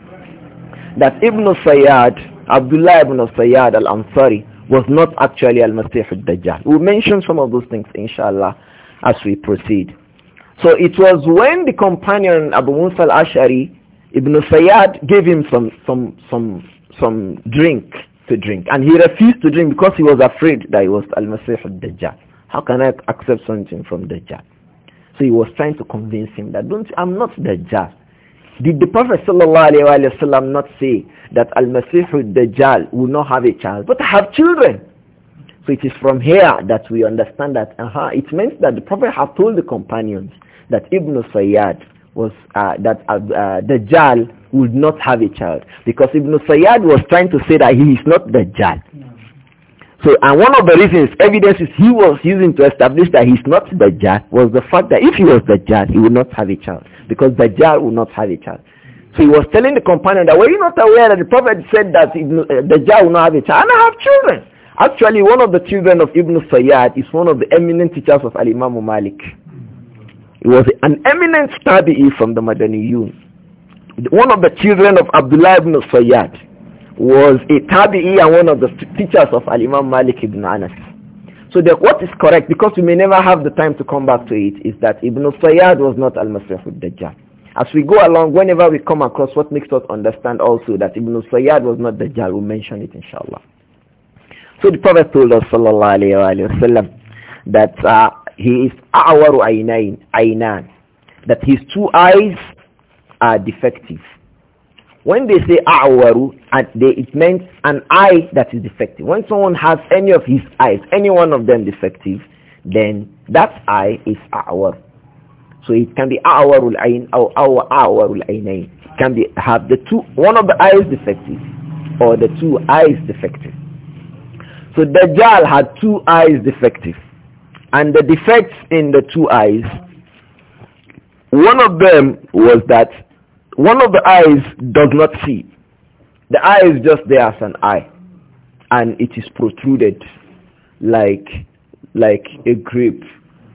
that Ibn Sayyad, Abdullah Ibn Sayyad al-Ansari was not actually al-Masih al-Dajjal. We'll mention some of those things inshallah as we proceed. So it was when the companion Abu Musa al-Ash'ari, Ibn Sayyad, gave him some, some, some, some drink to drink. And he refused to drink because he was afraid that he was Al-Masih al-Dajjal. How can I accept something from Dajjal? So he was trying to convince him that don't I'm not Dajjal. Did the Prophet ﷺ not say that Al-Masih al-Dajjal will not have a child, but have children? So it is from here that we understand that uh -huh, it means that the Prophet had told the companions that Ibn Sayyad was uh, that uh, uh, Dajjal would not have a child because Ibn Sayyad was trying to say that he is not Dajjal. So, and one of the reasons, evidences he was using to establish that he's not Dajjal was the fact that if he was Dajjal, he would not have a child because Dajjal would not have a child. So he was telling the companion that were you not aware that the prophet said that uh, Dajjal would not have a child? And I have children. Actually, one of the children of Ibn Sayyad is one of the eminent teachers of Al-Imam Malik. He was an eminent tabi'i from the Madaniyun. One of the children of Abdullah ibn Sayyad was a tabi'i and one of the teachers of Al-Imam Malik ibn Anas. So the, what is correct, because we may never have the time to come back to it, is that Ibn Sayyad was not Al-Masih al-Dajjal. As we go along, whenever we come across what makes us understand also that Ibn Sayyad was not Dajjal, we'll mention it inshallah. So the Prophet told us sallallahu that uh, he is awaru aynan, that his two eyes are defective. When they say awaru, it means an eye that is defective. When someone has any of his eyes, any one of them defective, then that eye is awaru. So it can be awarul ayn or It can be have the two one of the eyes defective or the two eyes defective. So Dajjal had two eyes defective. And the defects in the two eyes, one of them was that one of the eyes does not see. The eye is just there as an eye. And it is protruded like, like a grape,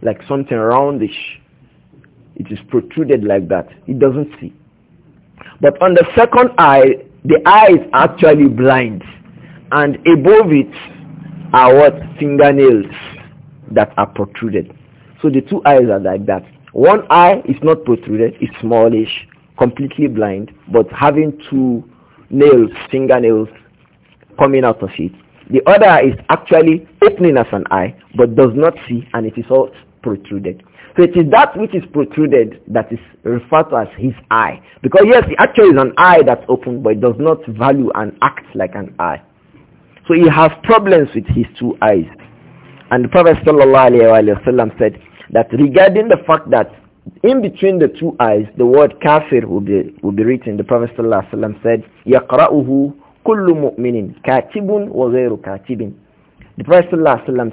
like something roundish. It is protruded like that. It doesn't see. But on the second eye, the eye is actually blind. And above it, are what? Fingernails that are protruded. So the two eyes are like that. One eye is not protruded, it's smallish, completely blind, but having two nails, fingernails coming out of it. The other is actually opening as an eye, but does not see, and it is all protruded. So it is that which is protruded that is referred to as his eye. Because yes, it actually is an eye that's open, but it does not value and act like an eye. So he has problems with his two eyes. And the Prophet said that regarding the fact that in between the two eyes, the word kafir will be, will be written. The Prophet said, يَقْرَأُهُ كُلُّ مُؤْمِنٍ كَاتِبٌ وَغَيْرُ كَاتِبٍ The Prophet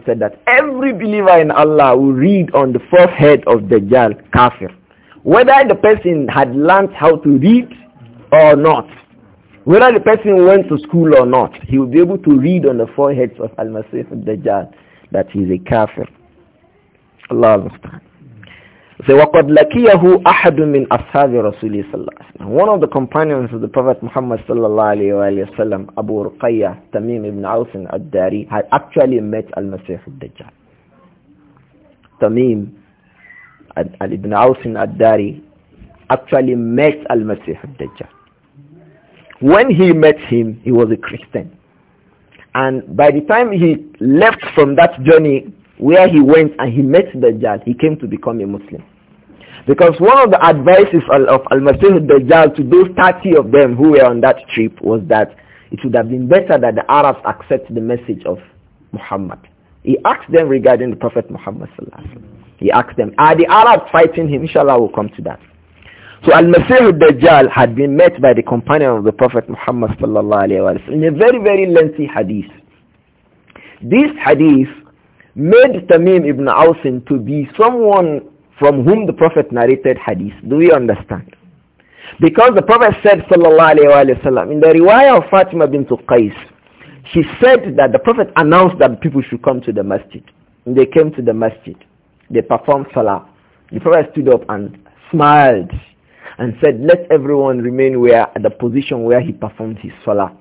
said that every believer in Allah will read on the forehead of the Dajjal, kafir. Whether the person had learnt how to read or not. Whether the person went to school or not, he will be able to read on the foreheads of Al-Masih al-Dajjal that he is a kafir. Allah understand. Say وَقَدْ لَكِيَهُ أَحَدٌ مِّنْ أَصْحَابِ رَسُولِهِ صَلَّى اللَّهِ One of the companions of the Prophet Muhammad sallallahu alayhi wa Abu Ruqayya Tamim ibn Aus al-Dari, had actually met Al-Masih al-Dajjal. Tamim al ibn Aus al-Dari actually met Al-Masih al-Dajjal. When he met him, he was a Christian. And by the time he left from that journey where he went and he met Dajjal, he came to become a Muslim. Because one of the advices of Al-Masih Dajjal to those 30 of them who were on that trip was that it would have been better that the Arabs accept the message of Muhammad. He asked them regarding the Prophet Muhammad He asked them, are the Arabs fighting him? Inshallah, we'll come to that. So Al-Masih dajjal had been met by the companion of the Prophet Muhammad sallallahu alayhi wa sallam in a very, very lengthy hadith. This hadith made Tamim ibn Awsin to be someone from whom the Prophet narrated hadith. Do we understand? Because the Prophet said sallallahu alayhi wa sallam in the riwayah of Fatima bint Qais, she said that the Prophet announced that people should come to the masjid. And they came to the masjid. They performed salah. The Prophet stood up and smiled and said, let everyone remain where at the position where he performed his salah.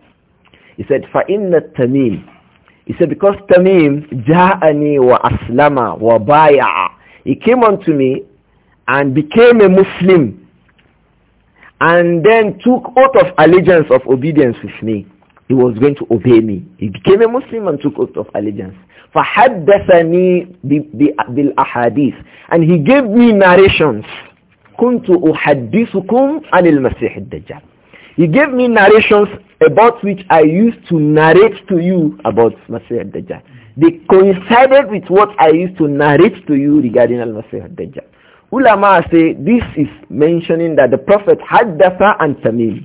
He said, فَإِنَّ التَّمِيمِ He said, because Tamim, aslama wa bayaa, He came unto me and became a Muslim and then took oath of allegiance of obedience with me. He was going to obey me. He became a Muslim and took oath of allegiance. فَحَدَّثَنِي بِالْأَحَادِيثِ And he gave me narrations kuntu uhaddithukum anil masih ad-dajjal he gave me narrations about which i used to narrate to you about masih ad-dajjal they coincided with what i used to narrate to you regarding al-masih ad-dajjal ulama say this is mentioning that the prophet haddatha and tamim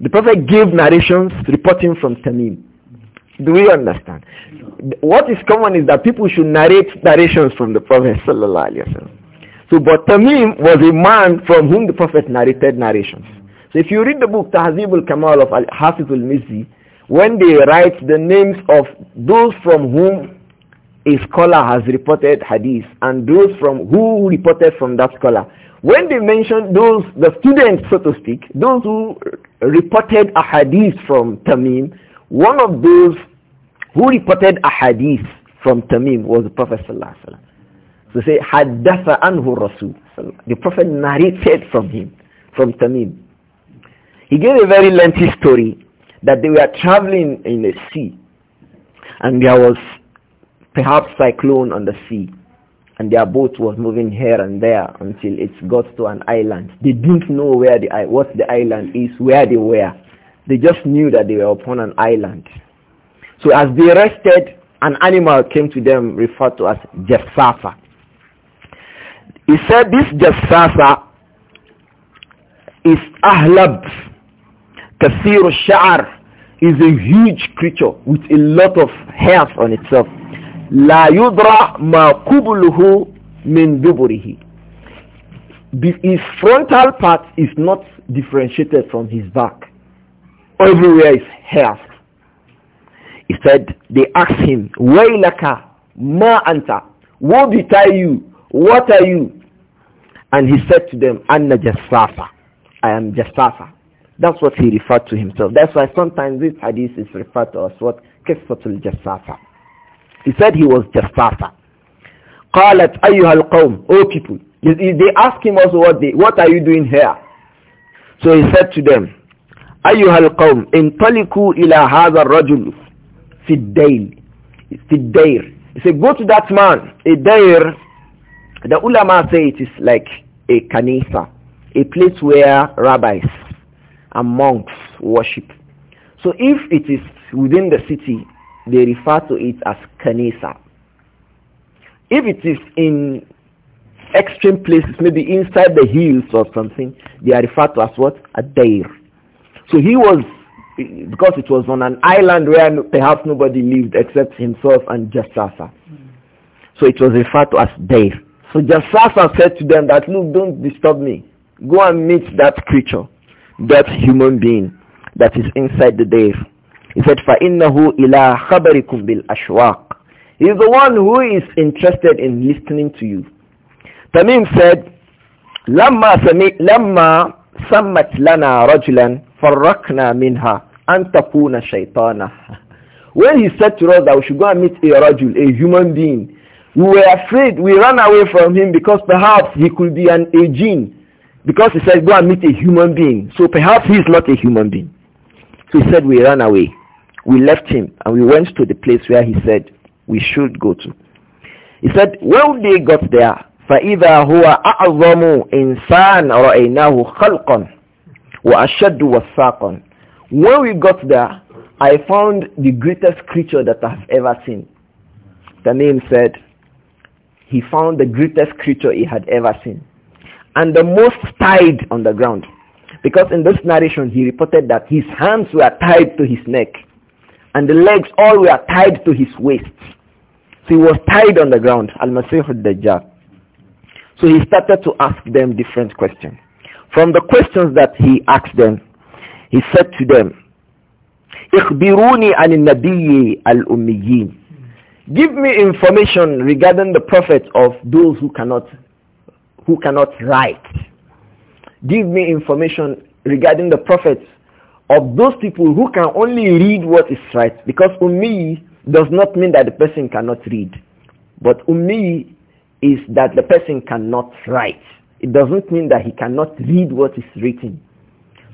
the prophet gave narrations reporting from tamim do we understand what is common is that people should narrate narrations from the prophet sallallahu alaihi wasallam so, but Tamim was a man from whom the Prophet narrated narrations. So if you read the book Tahzib al-Kamal of Hafiz al-Mizzi, when they write the names of those from whom a scholar has reported hadith and those from who reported from that scholar, when they mention those, the students, so to speak, those who reported a hadith from Tamim, one of those who reported a hadith from Tamim was the Prophet Sallallahu Alaihi Wasallam. So say, حَدَّثَ anhu Rasul. the Prophet narrated from him, from Tamim. He gave a very lengthy story that they were traveling in the sea and there was perhaps cyclone on the sea and their boat was moving here and there until it got to an island. They didn't know where the what the island is, where they were. They just knew that they were upon an island. So as they rested, an animal came to them referred to as Jeffafa. He said this jassasa is ahlab, kasir shar is a huge creature with a lot of hairs on itself. La yudra ma kubuluhu min duburihi. His frontal part is not differentiated from his back. Everywhere is hairs. He said, they asked him, Wailaka, ma anta, what betide you? What are you? And he said to them, Anna Jassafa. I am Jassafa. That's what he referred to himself. That's why sometimes this hadith is referred to as what? Kisatul Jassafa. He said he was Jassafa. Qalat أيها Qawm, O people. They ask him also what, they, what are you doing here? So he said to them, أيها Qawm, انطلقوا ila هذا الرجل في الديل في الدير. He said, go to that man. A dair, the ulama say it is like a kanisa, a place where rabbis and monks worship. So if it is within the city, they refer to it as kanisa. If it is in extreme places, maybe inside the hills or something, they are referred to as what? A dair. So he was, because it was on an island where perhaps nobody lived except himself and just So it was referred to as dair. So Jasasa said to them that, look, don't disturb me. Go and meet that creature, that human being that is inside the dave. He said, فَإِنَّهُ إِلَىٰ خَبَرِكُمْ بِالْأَشْوَاقِ He is the one who is interested in listening to you. Tamim said, لما سمت لنا رجلا فرقنا منها أن تكون شيطانا. When he said to us that we should go and meet a rajul, a human being, we were afraid. We ran away from him because perhaps he could be an a Because he said, go and meet a human being. So perhaps he is not a human being. So he said, we ran away. We left him and we went to the place where he said we should go to. He said, when they got there, فَإِذَا هُوَ أَعْظَمُ إِنسَانَ رَأَيْنَاهُ خَلْقًا وَأَشَدُّ وَسَاقًا When we got there, I found the greatest creature that I've ever seen. The name said, he found the greatest creature he had ever seen and the most tied on the ground. Because in this narration he reported that his hands were tied to his neck and the legs all were tied to his waist. So he was tied on the ground, Al-Masih al-Dajjal. So he started to ask them different questions. From the questions that he asked them, he said to them, اخبروني عن النبي الأميين Give me information regarding the prophets of those who cannot, who cannot write. Give me information regarding the prophets of those people who can only read what is right. Because ummi does not mean that the person cannot read. But ummi is that the person cannot write. It doesn't mean that he cannot read what is written.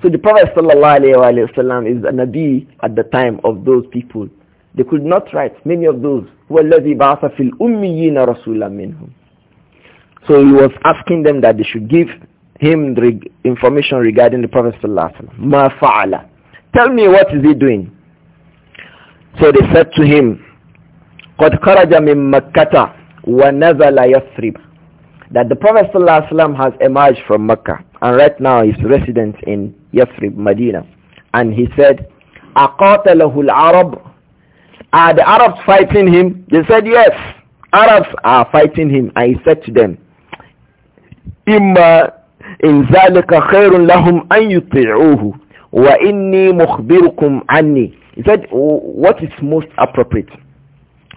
So the Prophet ﷺ is a Nabi at the time of those people. They could not write many of those. who وَالَّذِي بَعَثَ فِي الْأُمِّيِّينَ رَسُولًا مِنْهُمْ So he was asking them that they should give him the information regarding the Prophet ﷺ. Ma faala, Tell me what is he doing? So they said to him, قَدْ خَرَجَ مِنْ مَكَّةَ وَنَزَلَ يَثْرِبَ That the Prophet ﷺ has emerged from Mecca and right now is resident in Yathrib, Medina. And he said, أَقَاتَلَهُ الْعَرَبُ are the Arabs fighting him? They said, yes. Arabs are fighting him. I said to them, إِمَّا إِنْ ذَلِكَ خَيْرٌ لَهُمْ أَنْ يُطِعُوهُ وَإِنِّي مُخْبِرُكُمْ عَنِّي He said, what is most appropriate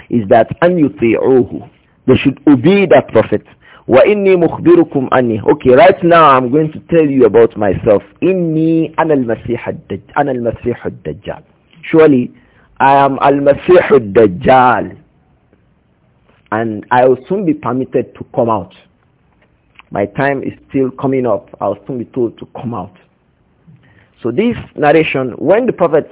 is that أَنْ يُطِعُوهُ They should obey that prophet. وَإِنِّي مُخْبِرُكُمْ عَنِّي Okay, right now I'm going to tell you about myself. إِنِّي أَنَا الْمَسِيحَ الدَّجَّالِ Surely I am Al-Masih dajjal and I will soon be permitted to come out. My time is still coming up. I will soon be told to come out. So this narration, when the Prophet,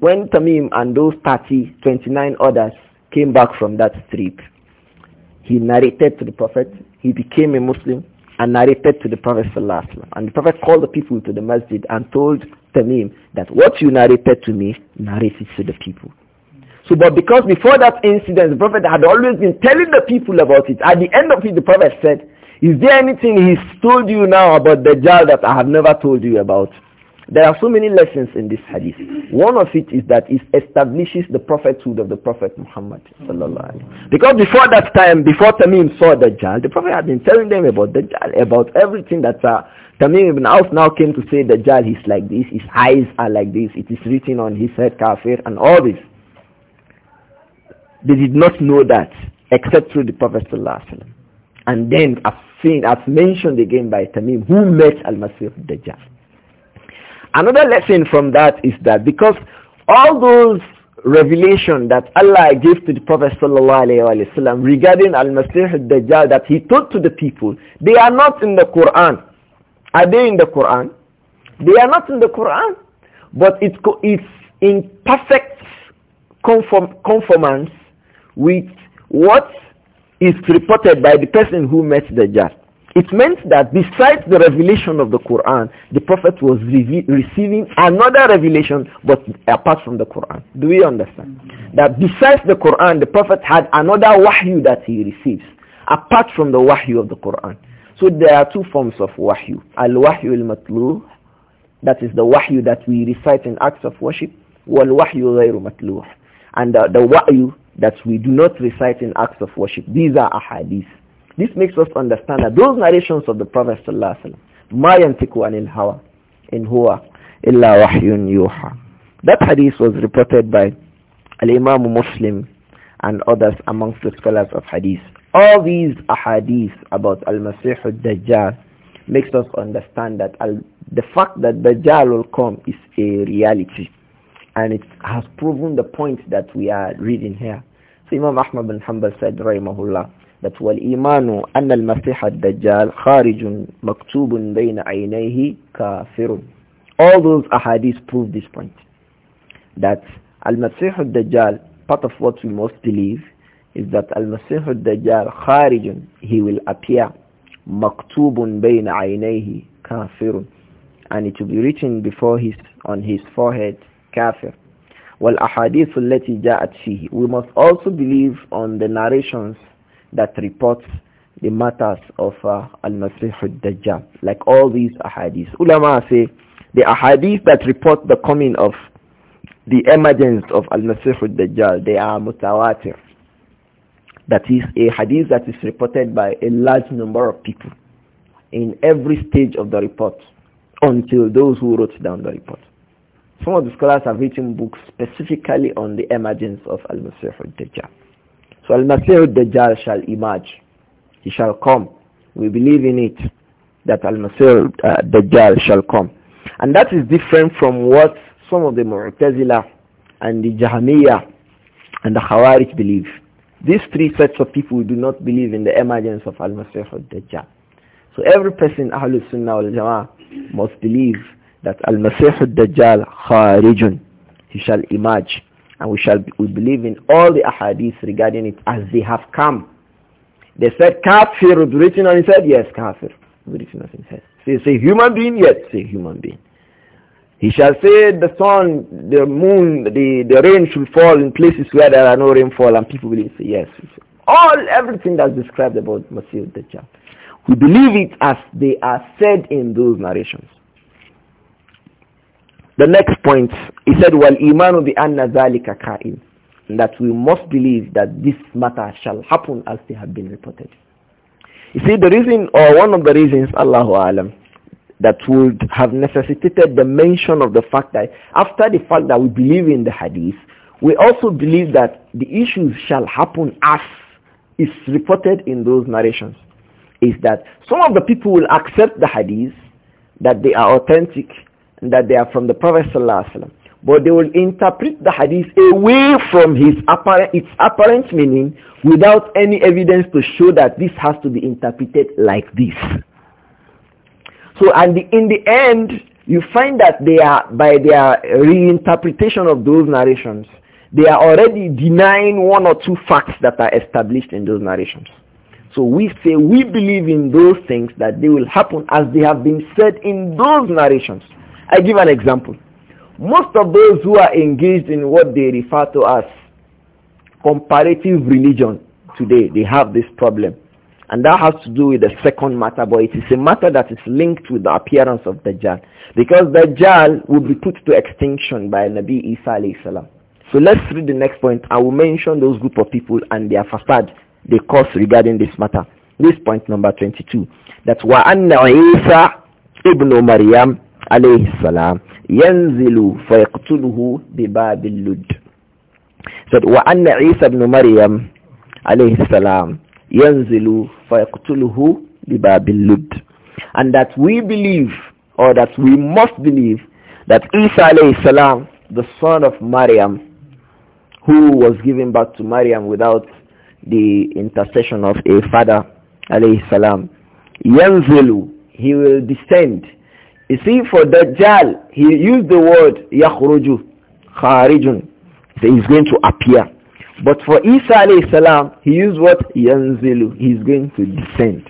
when Tamim and those 30, 29 others came back from that trip, he narrated to the Prophet, he became a Muslim and narrated to the Prophet last. And the Prophet called the people to the masjid and told him that what you narrated to me, narrate it to the people. So, but because before that incident, the Prophet had always been telling the people about it. At the end of it, the Prophet said, is there anything he's told you now about the Dajjal that I have never told you about? There are so many lessons in this hadith. One of it is that it establishes the prophethood of the Prophet Muhammad. Because before that time, before Tamim saw the Dajjal, the Prophet had been telling them about the Dajjal, about everything that uh, Tamim ibn Auf now came to say Dajjal is like this, his eyes are like this, it is written on his head, kafir, and all this. They did not know that except through the Prophet And then as seen, as mentioned again by Tamim, who met Al-Masih Dajjal. Another lesson from that is that because all those revelation that Allah gave to the Prophet ﷺ regarding Al-Masih Dajjal that he told to the people, they are not in the Quran. Are they in the Quran? They are not in the Quran, but it is in perfect conform, conformance with what is reported by the person who met the just. It meant that besides the revelation of the Quran, the Prophet was receiving another revelation, but apart from the Quran. Do we understand? That besides the Quran, the Prophet had another wahyu that he receives, apart from the wahyu of the Quran there are two forms of wahyu. Al-wahyu al-matlu, that is the wahyu that we recite in acts of worship, wal-wahyu ghayru matlu. And the, the wahyu that we do not recite in acts of worship. These are ahadith. This makes us understand that those narrations of the Prophet ﷺ, مَا يَنْتِكُ عَنِ الْهَوَى إِنْ هُوَ إِلَّا That hadith was reported by Al-Imam Muslim and others amongst the scholars of hadith. All these ahadith about Al-Masih al-Dajjal makes us understand that the fact that Dajjal will come is a reality. And it has proven the point that we are reading here. So Imam Ahmad bin Hanbal said, Rahimahullah, that وَالْإِيمَانُ أَنَّ الْمَسِيحَ الدَّجَّالِ خَارِجٌ مَكْتُوبٌ بَيْنَ عَيْنَيْهِ كَافِرٌ All those ahadith prove this point. That Al-Masih al-Dajjal, part of what we must believe, is that Al-Masih al-Dajjal kharijun, he will appear, maktubun bayna aynayhi kafirun, and it will be written before his, on his forehead, kafir. وَالْأَحَادِيثُ الَّتِي جَاءَتْ We must also believe on the narrations that reports the matters of uh, Al-Masih al-Dajjal, like all these ahadith. Ulama say, the ahadith that report the coming of the emergence of Al-Masih al-Dajjal, they are mutawatir. That is a hadith that is reported by a large number of people in every stage of the report until those who wrote down the report. Some of the scholars have written books specifically on the emergence of Al-Masih al-Dajjal. So Al-Masih al-Dajjal shall emerge. He shall come. We believe in it that Al-Masih al-Dajjal shall come. And that is different from what some of the Mu'tazila and the Jahamiyyah and the Khawarij believe. These three sets of people do not believe in the emergence of Al-Masih al-Dajjal. So every person Ahlul Sunnah wal Jama'ah must believe that Al-Masih al-Dajjal kharijun. He shall emerge. And we shall we believe in all the ahadith regarding it as they have come. They said kafir written on his head. Yes, kafir written on his head. So it's Say, human being. Yes, say, human being. He shall say the sun, the moon, the, the rain should fall in places where there are no rainfall and people will say yes. All, everything that's described about Masih Dajjal. We believe it as they are said in those narrations. The next point, he said, "Well, imanu bi anna zalika ka'in," that we must believe that this matter shall happen as they have been reported. You see, the reason, or one of the reasons, Allahu alam, that would have necessitated the mention of the fact that after the fact that we believe in the hadith, we also believe that the issues shall happen as is reported in those narrations. Is that some of the people will accept the hadith that they are authentic and that they are from the Prophet ﷺ, but they will interpret the hadith away from his apparent, its apparent meaning without any evidence to show that this has to be interpreted like this. So and the, in the end, you find that they are, by their reinterpretation of those narrations, they are already denying one or two facts that are established in those narrations. So we say we believe in those things that they will happen as they have been said in those narrations. I give an example. Most of those who are engaged in what they refer to as comparative religion today, they have this problem. And that has to do with the second matter, but it is a matter that is linked with the appearance of Dajjal. Because Dajjal will be put to extinction by Nabi Isa alayhi salam. So let's read the next point. I will mention those group of people and their facade the cause regarding this matter. This point number 22. That وَأَنَّ Isa ibn Maryam alayhi salam yanzilu fayaqtuluhu bibabil lud. wa وَأَنَّ Isa ibn Maryam alayhi salam yanzilu fayaqtuluhu bibabil and that we believe or that we must believe that Isa alayhi salam the son of Maryam who was given back to Maryam without the intercession of a father alayhi salam yanzilu he will descend you see for Dajjal he used the word yakhruju kharijun so he's going to appear but for Isa alayhi salam, he used what? Yanzilu. is going to descend.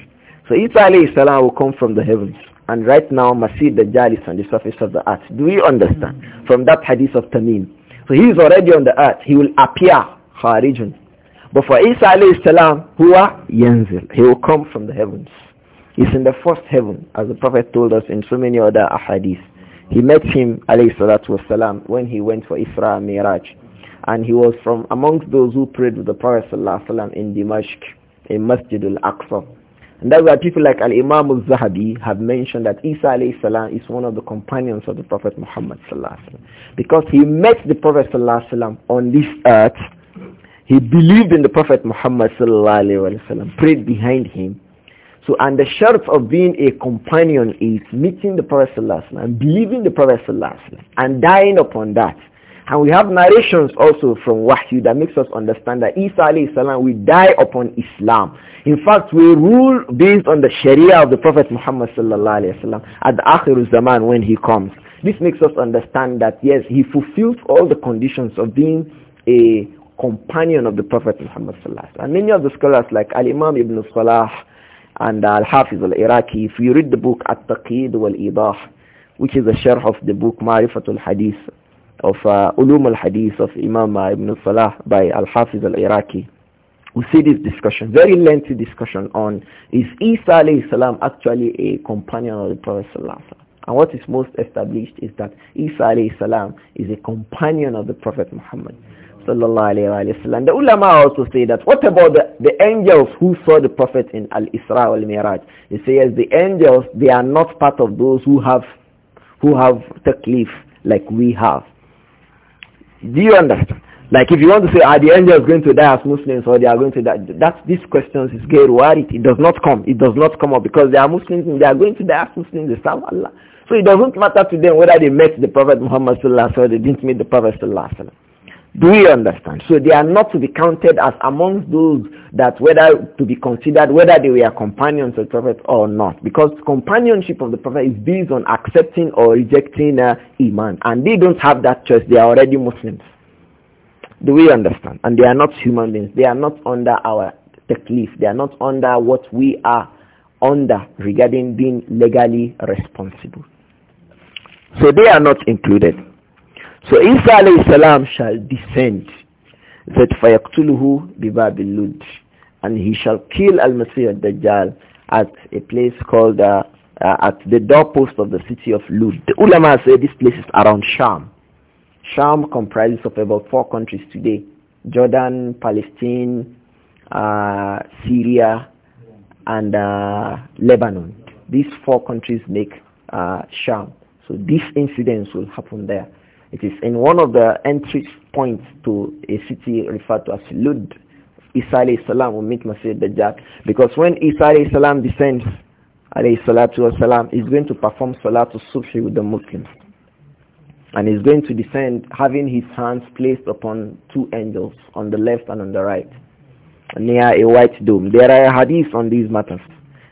So Isa alayhi salam will come from the heavens. And right now, Masih Dajjal is on the surface of the earth. Do you understand? From that hadith of Tamim. So he is already on the earth. He will appear. Kharijun. But for Isa alayhi salam, huwa yanzil. He will come from the heavens. He's in the first heaven, as the Prophet told us in so many other ahadith. He met him, alayhi salatu Salam, when he went for Isra Miraj and he was from amongst those who prayed with the Prophet ﷺ in Dimashq, in Masjid al-Aqsa. And that's why people like Al-Imam al-Zahabi have mentioned that Isa salam is one of the companions of the Prophet Muhammad ﷺ. Because he met the Prophet ﷺ on this earth, he believed in the Prophet Muhammad ﷺ, prayed behind him, so, and the shirt of being a companion is meeting the Prophet ﷺ, believing the Prophet ﷺ, and dying upon that. And we have narrations also from Wahyu that makes us understand that Isa alayhi salam will die upon Islam. In fact, we rule based on the Sharia of the Prophet Muhammad sallallahu alayhi wasallam at the Akhir zaman when he comes. This makes us understand that yes, he fulfills all the conditions of being a companion of the Prophet Muhammad sallallahu And many of the scholars like Al-Imam Ibn Salah and Al-Hafiz al-Iraqi, if you read the book At-Taqid wal-Idah, which is a sharh of the book Ma'rifatul Hadith, of uh, Ulum al-Hadith of Imam uh, Ibn Salah by Al-Hafiz al-Iraqi. We see this discussion, very lengthy discussion on is Isa salam actually a companion of the Prophet sallallahu And what is most established is that Isa salam is a companion of the Prophet Muhammad alayhi The ulama also say that what about the, the angels who saw the Prophet in Al-Isra al-Miraj? They say yes, the angels, they are not part of those who have, who have taklif like we have do you understand? Like if you want to say, are the angels going to die as Muslims or they are going to die? That's these questions is geruarit. It does not come. It does not come up because they are Muslims and they are going to die as Muslims. They serve Allah. So it doesn't matter to them whether they met the Prophet Muhammad sallallahu alaihi wasallam or they didn't meet the Prophet sallallahu alaihi wasallam. Do we understand? So they are not to be counted as amongst those that whether to be considered whether they were companions of the Prophet or not. Because companionship of the Prophet is based on accepting or rejecting uh, Iman. And they don't have that choice. They are already Muslims. Do we understand? And they are not human beings. They are not under our taklif. They are not under what we are under regarding being legally responsible. So they are not included. So Isa alayhi salam shall descend that فَيَقْتُلُهُ بِبَابِ اللُّدِ and he shall kill Al-Masih al-Dajjal at a place called uh, uh, at the doorpost of the city of Lud. The ulama say this place is around Sham. Sham comprises of about four countries today. Jordan, Palestine, uh, Syria, and uh, Lebanon. These four countries make uh, Sham. So these incidents will happen there. It is in one of the entry points to a city referred to as Lud. Isa salam will meet Masih Dajjal. Because when Isa salam descends, alayhi salatu wasalam, is going to perform salatu subhi with the Muslims. And he's going to descend having his hands placed upon two angels, on the left and on the right, near a white dome. There are hadiths on these matters.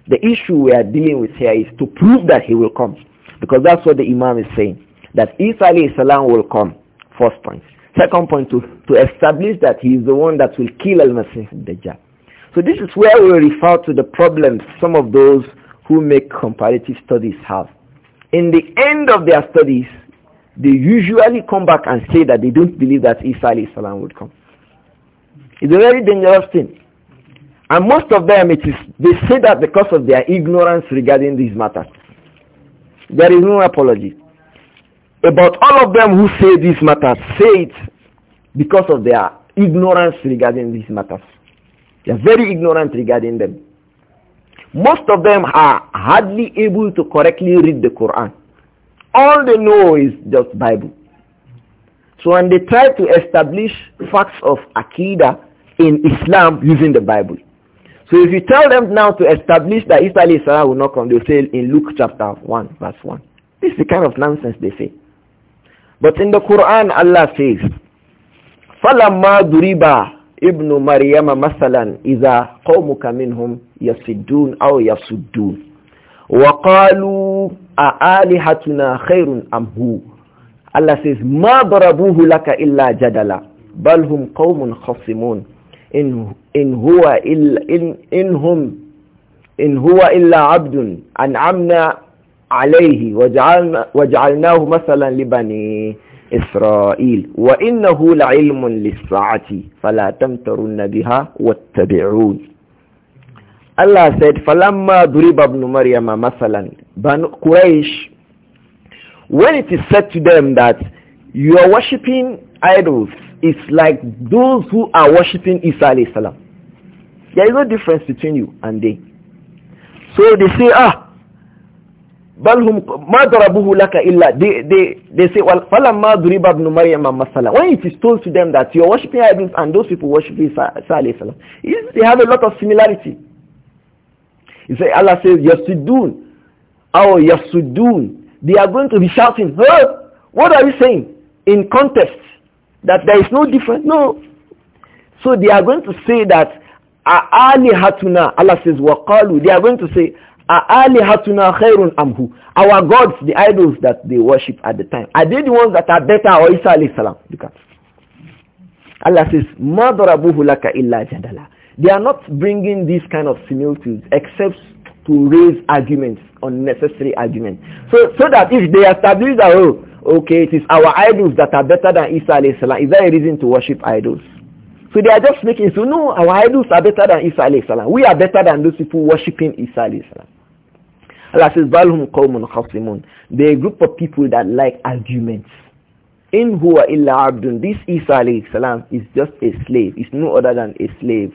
The issue we are dealing with here is to prove that he will come. Because that's what the Imam is saying that Isa salam will come. First point. Second point, to, to establish that he is the one that will kill al-Masih al-Dajjal. So this is where we refer to the problems some of those who make comparative studies have. In the end of their studies, they usually come back and say that they don't believe that Isa salam would come. It's a very dangerous thing. And most of them, it is, they say that because of their ignorance regarding these matters. There is no apology about all of them who say these matters say it because of their ignorance regarding these matters. They are very ignorant regarding them. Most of them are hardly able to correctly read the Quran. All they know is just Bible. So when they try to establish facts of Aqidah in Islam using the Bible. So if you tell them now to establish that Isa will not come, they'll say in Luke chapter 1 verse 1. This is the kind of nonsense they say. But in the Quran, Allah says, فَلَمَّا دُرِبَ ابْنُ مَرْيَمَ مَثَلًا إِذَا قَوْمُكَ مِنْهُمْ يَصِدُّونَ أَوْ يَصُدُّونَ وَقَالُوا أَآلِهَتُنَا خَيْرٌ أَمْ هُوَ Allah says, مَا ضَرَبُوهُ لَكَ إِلَّا جَدَلًا بَلْ هُمْ قَوْمٌ خَصِمُونَ إِنْ, إن هُوَ إِلَّا إن, إن هم إن هو إلا عبد أنعمنا عليه وجعلنا وجعلناه مثلا لبني إسرائيل وإنه لعلم للساعة فلا تمترن بها واتبعون Allah said فلما ضرب ابن مريم مثلا بنو قريش. when it is said to them that you are worshipping idols it's like those who are worshipping Isa alayhi salam there is no difference between you and they so they say ah balhum ma darabuhu laka illa they they they say well falamma duriba ibn maryam masala when it is told to them that you are worshiping idols and those people worshiping isa alayhi salam they have a lot of similarity he say allah says yasudun aw yasudun they are going to be shouting hey, what are you saying in context that there is no difference no so they are going to say that hatuna. allah says waqalu they are going to say alihatuna khairun amhu our gods the idols that they worship at the time are they the ones that are better or isa alayhi salam allah says ma darabuhu laka illa jadala they are not bringing these kind of similitudes except to raise arguments unnecessary arguments so so that if they establish that oh okay it is our idols that are better than isa alayhi salam is there a reason to worship idols so they are just making so no our idols are better than isa alayhi salam we are better than those people worshiping isa alayhi salam qawmun They're a group of people that like arguments. In huwa illa abdun. This Isa alayhi salam is just a slave. It's no other than a slave.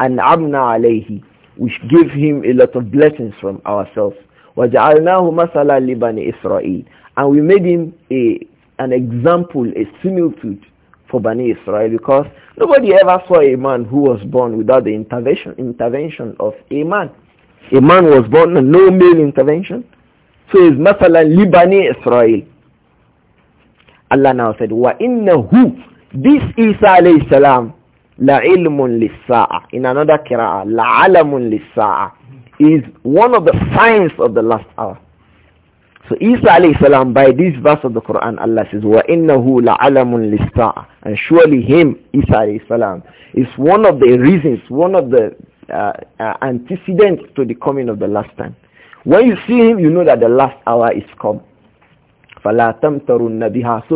And abna alayhi. We give him a lot of blessings from ourselves. وَجَعَلْنَاهُ مَثَلًا لِبَنِي إِسْرَائِيلِ And we made him a, an example, a similitude for Bani Israel because nobody ever saw a man who was born without the intervention, intervention of a man. A man was born and no male intervention. So it's Masala, Libani Israel. Allah now said, "Wa وَإِنَّهُ This Isa alayhi salam, لَعِلْمٌ لِلسَّاعَةِ In another qira'ah, لَعَلَمٌ لِلسَّاعَةِ Is one of the signs of the last hour. So Isa alayhi salam, by this verse of the Quran, Allah says, "Wa وَإِنَّهُ لَعَلَمٌ لِلسَّاعَةِ And surely him, Isa alayhi salam, is one of the reasons, one of the uh, uh, antecedent to the coming of the last time. When you see him, you know that the last hour is come. So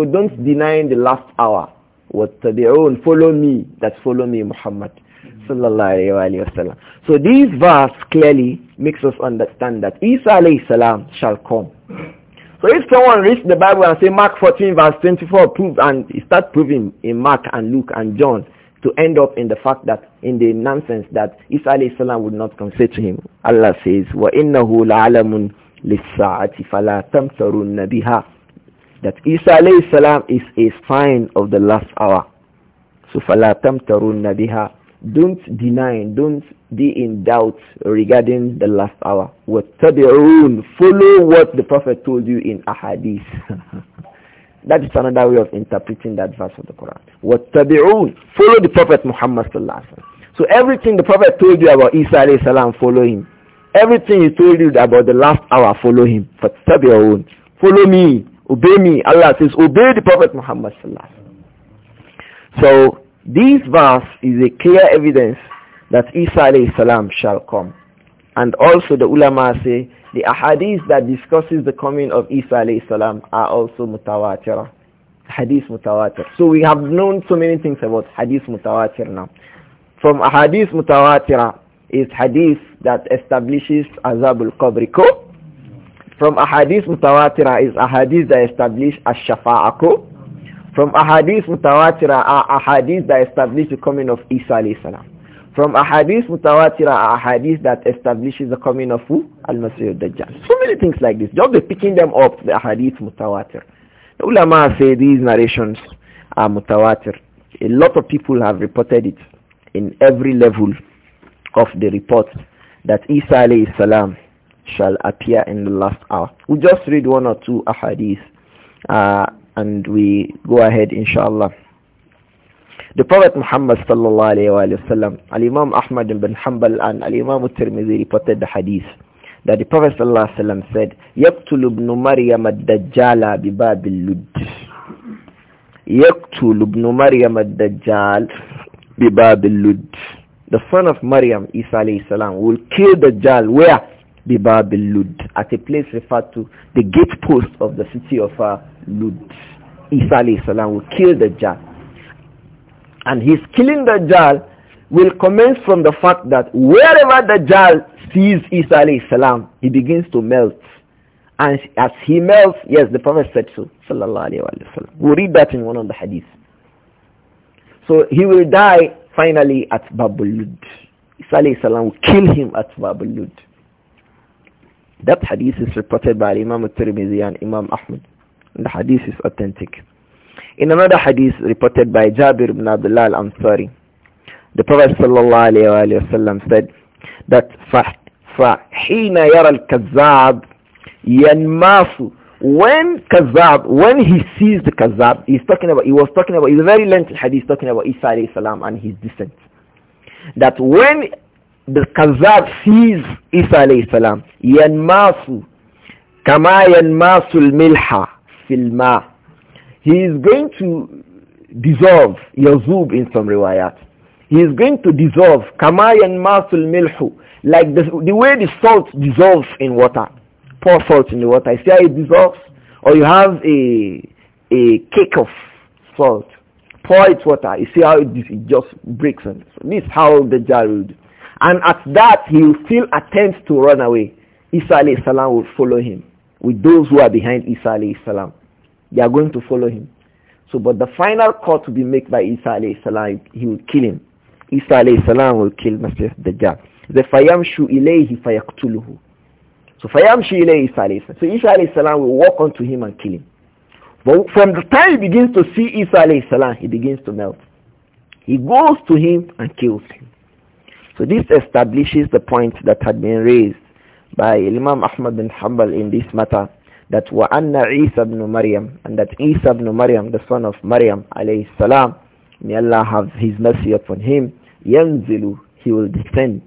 don't deny the last hour. own? Follow me. That's follow me, Muhammad. So this verse clearly makes us understand that Isa salam shall come. So if someone reads the Bible and say Mark 14 verse 24 prove and start proving in Mark and Luke and John, to end up in the fact that in the nonsense that Isa alayhi salam would not come say to him. Allah says, Wa وَإِنَّهُ لَعَلَمٌ لِلسَّاعَةِ fala تَمْتَرُنَّ بِهَا That Isa alayhi salam is a sign of the last hour. So fala تمترن تَمْتَرُنَّ بِهَا Don't deny, don't be in doubt regarding the last hour. وَاتَّبِعُونَ Follow what the Prophet told you in ahadith. That is another way of interpreting that verse of the Quran. وَاتَّبِعُونَ Follow the Prophet Muhammad sallallahu alaihi wasallam. So everything the Prophet told you about Isa alayhi salam, follow him. Everything he told you about the last hour, follow him. فَاتَّبِعُونَ Follow me. Obey me. Allah says, obey the Prophet Muhammad sallallahu alaihi wasallam. So this verse is a clear evidence that Isa alayhi salam shall come. And also the ulama say the ahadith that discusses the coming of Isa alayhi salam are also mutawatirah. Hadith mutawatir. So we have known so many things about hadith mutawatir now. From hadith mutawatirah is hadith that establishes azabul qabriko. From ahadith mutawatirah is ahadith that establish ash-shafa'ako. From ahadith mutawatirah are ahadith that establish the coming of Isa alayhi salam. From ahadith mutawatir ahadith that establishes the coming of who? Al-Masih dajjal So many things like this. Just be picking them up, the ahadith mutawatir. The ulama say these narrations are mutawatir. A lot of people have reported it in every level of the report that Isa alayhi salam shall appear in the last hour. We just read one or two ahadith uh, and we go ahead inshallah. The Prophet Muhammad sallallahu alayhi wa sallam, Al-Imam Ahmad ibn Hanbal and Al-Imam al-Tirmidhi reported the hadith that the Prophet sallallahu alayhi wa sallam said, يَقْتُلُ ابْنُ مَرْيَمَ الدَّجَّالَ بِبَابِ اللُّدِّ يَقْتُلُ ابْنُ مَرْيَمَ الدَّجَّالَ بِبَابِ اللُّدِّ The son of Maryam, Isa alayhi salam, will kill the Dajjal where? Bibab Lud, at a place referred to the gatepost of the city of uh, Lud. Isa alayhi salam will kill the Dajjal and his killing Dajjal will commence from the fact that wherever Dajjal sees Isa salam, he begins to melt. And as he melts, yes, the Prophet said so, sallallahu alayhi wa We will read that in one of the hadiths. So he will die finally at Babulud. Isa alayhi salam will kill him at Babulud. That hadith is reported by Imam al-Tirmidhi and Imam Ahmad. And the hadith is authentic. In another hadith reported by Jabir ibn Abdullah al-Ansari, the Prophet sallallahu said that فَحِينَ يَرَى الْكَذَّابِ يَنْمَاسُ when Kazab, when he sees the Kazab, he's talking about, he was talking about, it's a very lengthy hadith talking about Isa alayhi salam and his descent. That when the Kazab sees Isa alayhi salam, yanmasu, kama yanmasu al-milha fil ma. He is going to dissolve yazub in some riwayat. He is going to dissolve and masul milhu like the, the way the salt dissolves in water. Pour salt in the water. You see how it dissolves? Or you have a a cake of salt. Pour it water. You see how it, it just breaks. And so this is how the jar And at that, he will still attempt to run away. Isa alayhi salam will follow him with those who are behind Isa alayhi salam. They are going to follow him. So, but the final call to be made by Isa alayhi salam, he will kill him. Isa alayhi salam will kill Masih Dajjal. The fayamshu ilayhi fayaktuluhu. So fayamshu ilayhi Isa alayhi salam. So Isa alayhi salam will walk onto him and kill him. But from the time he begins to see Isa alayhi salam, he begins to melt. He goes to him and kills him. So this establishes the point that had been raised by Imam Ahmad bin Hanbal in this matter that wa anna Isa ibn Maryam and that Isa ibn Maryam, the son of Maryam alayhi salam, may Allah have his mercy upon him, yanzilu, he will descend.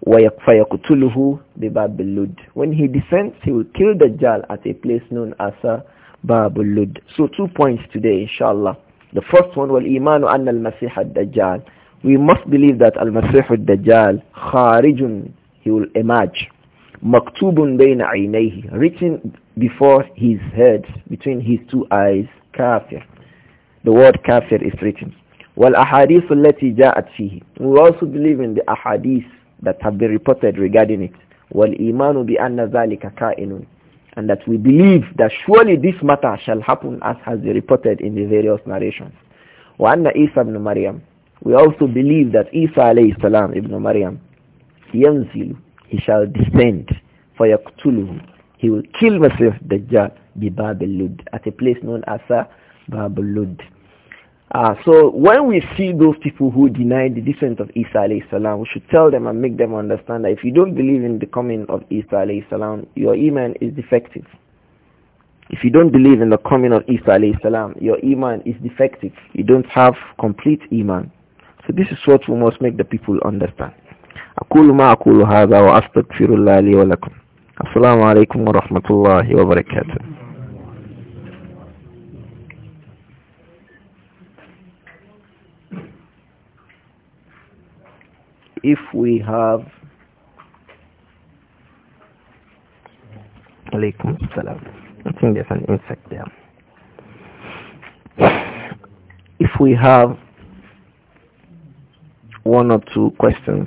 Wa وَيَقْفَيَقْتُلُهُ بِبَابِ Lud. When he descends, he will kill Dajjal at a place known as uh, Babul Lud. So two points today, inshallah. The first one, al masih ad الدَّجَّالِ We must believe that Al-Masih ad dajjal kharijun, he will emerge. مَكْتُوبٌ بَيْنَ عَيْنَيْهِ Written before his head, between his two eyes, kafir. The word kafir is written. Well, ahadith التي جاءت فيه. We also believe in the ahadith that have been reported regarding it. والإيمان بأن ذلك كائن. And that we believe that surely this matter shall happen as has been reported in the various narrations. وأن عيسى ibn Maryam. We also believe that Isa alayhi salam ibn Maryam ينزل. He shall descend. for فيقتله he will kill Masih Dajjal Lud at a place known as uh, Babelud. Uh, so when we see those people who deny the descent of Isa alayhi salam, we should tell them and make them understand that if you don't believe in the coming of Isa alayhi salam, your iman is defective. If you don't believe in the coming of Isa alayhi salam, your iman is defective. You don't have complete iman. So this is what we must make the people understand. أقول ما أقول هذا وأستغفر الله لي ولكم السلام عليكم ورحمة الله وبركاته if we have alaikum salam I think there's an insect there if we have one or two questions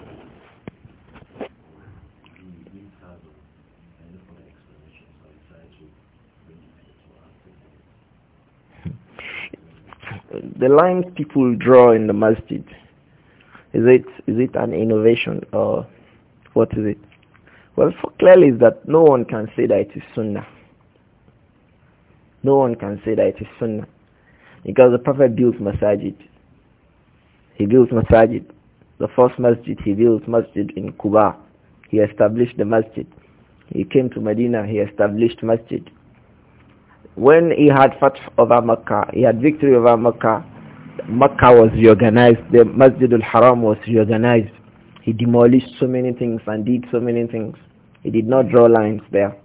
The lines people draw in the masjid, is it, is it an innovation or what is it? Well, for clearly is that no one can say that it is sunnah. No one can say that it is sunnah. Because the Prophet built masjid. He built masjid. The first masjid, he built masjid in Kuba. He established the masjid. He came to Medina, he established masjid when he had fought over Makkah, he had victory over Makkah, Makkah was reorganized, the Masjid al-Haram was reorganized. He demolished so many things and did so many things. He did not draw lines there.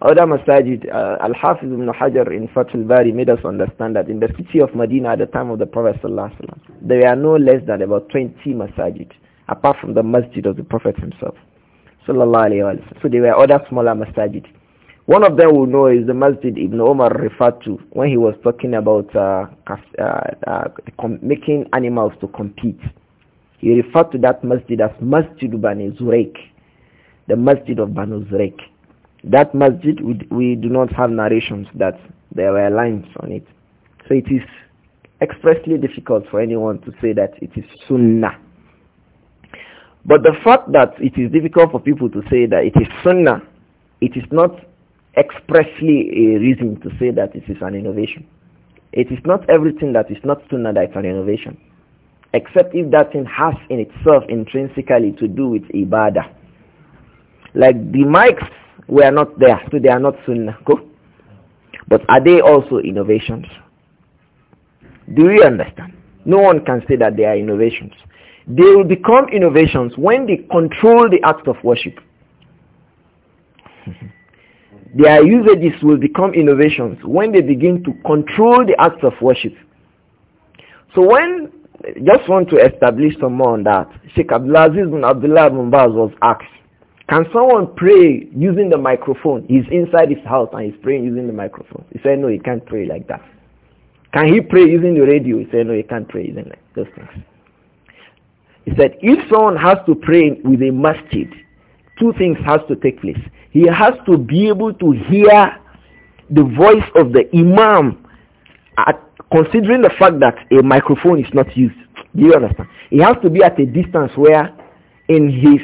Other masajid, uh, Al-Hafiz ibn Hajar in Fath al-Bari made us understand that in the city of Medina at the time of the Prophet sallallahu there were no less than about 20 masajid, apart from the masjid of the Prophet himself. So there were other smaller masajid one of them we know is the Masjid Ibn Omar referred to when he was talking about uh, uh, uh making animals to compete. He referred to that Masjid as Masjid Bani Zurek, the Masjid of Banu Zurek. That Masjid, we, we do not have narrations that there were lines on it. So it is expressly difficult for anyone to say that it is sunnah. But the fact that it is difficult for people to say that it is sunnah, it is not expressly a eh, reason to say that it is an innovation. It is not everything that is not sunnah that is an innovation. Except if that thing has in itself intrinsically to do with ibadah. Like the mics were not there, so they are not sunnah. Go. But are they also innovations? Do you understand? No one can say that they are innovations. They will become innovations when they control the act of worship. Their usages will become innovations when they begin to control the acts of worship. So when, just want to establish some more on that, Sheikh Abdulaziz bin Abdullah ibn Baz was asked, can someone pray using the microphone? He's inside his house and he's praying using the microphone. He said, no, he can't pray like that. Can he pray using the radio? He said, no, he can't pray using those things. He said, if someone has to pray with a masjid, two things has to take place. He has to be able to hear the voice of the imam at, considering the fact that a microphone is not used. Do you understand? He has to be at a distance where in his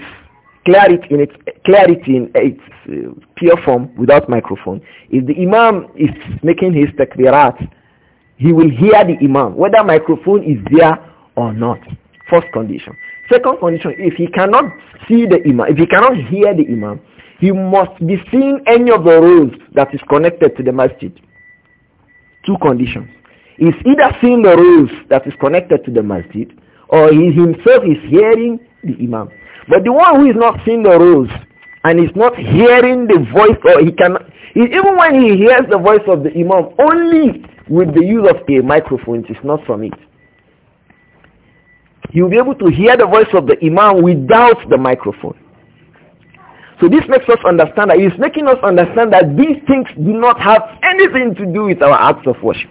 clarity in its clarity in its uh, pure form without microphone if the imam is making his takbirat he will hear the imam whether microphone is there or not first condition second condition if he cannot see the imam if he cannot hear the imam you must be seeing any of the rules that is connected to the masjid. Two conditions. He's either seeing the rules that is connected to the masjid or he himself is hearing the imam. But the one who is not seeing the rules and is not hearing the voice or he can even when he hears the voice of the imam only with the use of a microphone it is not from it. He will be able to hear the voice of the imam without the microphone. So this makes us understand that it's making us understand that these things do not have anything to do with our acts of worship.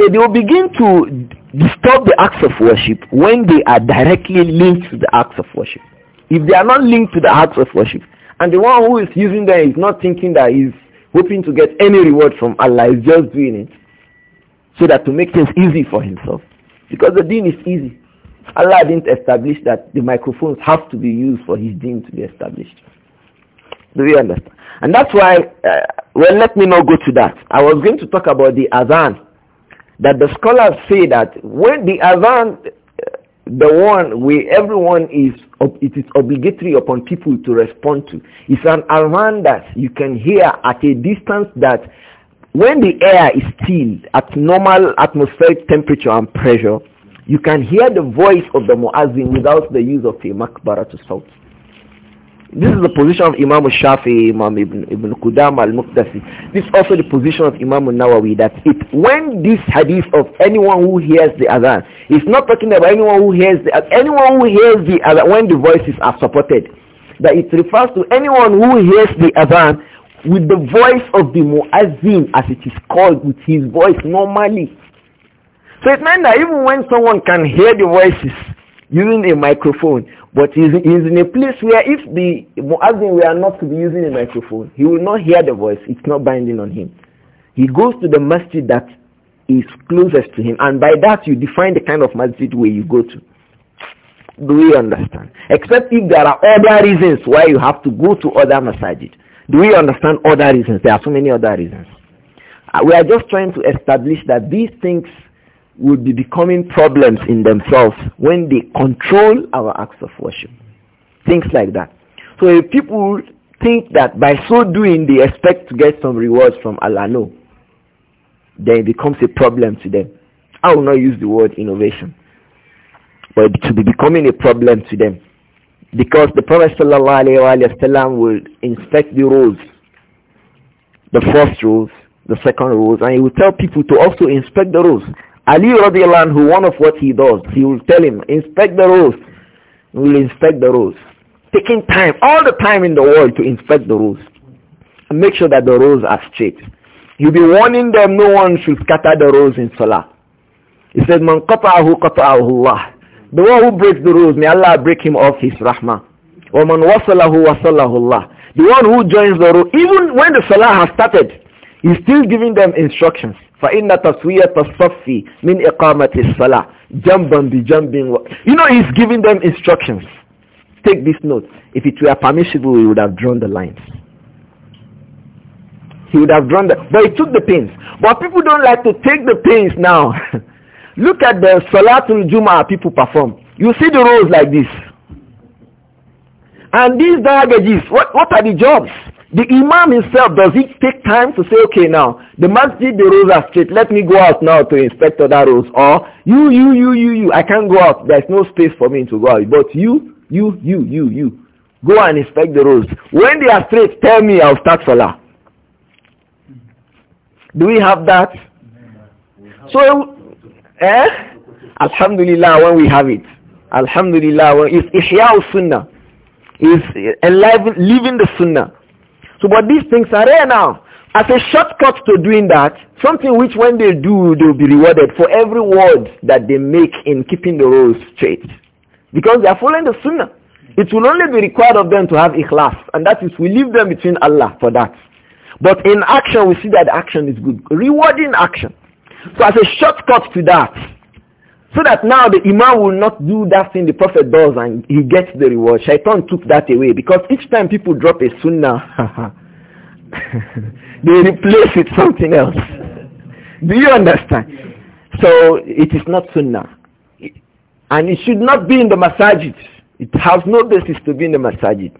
So they will begin to disturb the acts of worship when they are directly linked to the acts of worship. If they are not linked to the acts of worship, and the one who is using them is not thinking that he's hoping to get any reward from Allah, he's just doing it so that to make things easy for himself. Because the deen is easy. Allah didn't establish that the microphones have to be used for his deen to be established. Do you understand? And that's why, uh, well, let me not go to that. I was going to talk about the Azan. That the scholars say that when the Azan, uh, the one where everyone is, it is obligatory upon people to respond to, is an Azan that you can hear at a distance that when the air is still at normal atmospheric temperature and pressure, you can hear the voice of the muazzin without the use of a makbara to shout. This is the position of Imam Shafi, Imam Ibn, Ibn Qudam al-Muqdasi. This is also the position of Imam Nawawi that it, when this hadith of anyone who hears the adhan, he's not talking about anyone who hears the anyone who hears the adhan, when the voices are supported, that it refers to anyone who hears the adhan with the voice of the muazzin as it is called with his voice normally. So it meant that even when someone can hear the voices using a microphone, but he's, in a place where if the Muazzin were not to be using a microphone, he will not hear the voice. It's not binding on him. He goes to the masjid that is closest to him. And by that, you define the kind of masjid where you go to. Do we understand? Except if there are other reasons why you have to go to other masjid. Do we understand other reasons? There are so many other reasons. Uh, we are just trying to establish that these things will be becoming problems in themselves when they control our acts of worship. Things like that. So if people think that by so doing they expect to get some rewards from Allah, no. Then it becomes a problem to them. I will not use the word innovation. But it will be becoming a problem to them. Because the Prophet ﷺ will inspect the rules. The first rules, the second rules, and he will tell people to also inspect the rules. Ali radiallahu who one of what he does, he will tell him, inspect the rows. we will inspect the rows, Taking time, all the time in the world to inspect the rows And make sure that the rows are straight. You'll be warning them no one should scatter the rows in Salah. He said, Man qata'ahu qata'ahu Allah. The one who breaks the rules, may Allah break him off his rahmah. man وَصَلَهُ وَصَلَهُ Allah. The one who joins the rows, even when the salah has started, he's still giving them instructions. فإن تسوية الصف من إقامة الصلاة جنبا بجنب You know he's giving them instructions. Take this note. If it were permissible, he would have drawn the lines. He would have drawn the, but he took the pains. But people don't like to take the pains now. Look at the Salatul Jum'ah people perform. You see the rows like this. And these dagages, what, what are the jobs? The imam himself, does it take time to say, okay, now, the masjid, the roads are straight. Let me go out now to inspect other roads. Or, you, you, you, you, you, I can't go out. There's no space for me to go out. But you, you, you, you, you, go and inspect the roads. When they are straight, tell me, I'll start salah. Do we have that? So, eh? Alhamdulillah, when we have it. Alhamdulillah, when it's Ihya al-Sunnah. It's living the Sunnah. So, but these things are there now. As a shortcut to doing that, something which when they do, they'll be rewarded for every word that they make in keeping the rules straight. Because they are following the sunnah. It will only be required of them to have ikhlas. And that is, we leave them between Allah for that. But in action, we see that action is good. Rewarding action. So as a shortcut to that, so that now the imam will not do that thing the prophet does and he gets the reward. Shaitan took that away because each time people drop a sunnah, they replace it something else. do you understand? So it is not sunnah. And it should not be in the masajid. It has no basis to be in the masajid.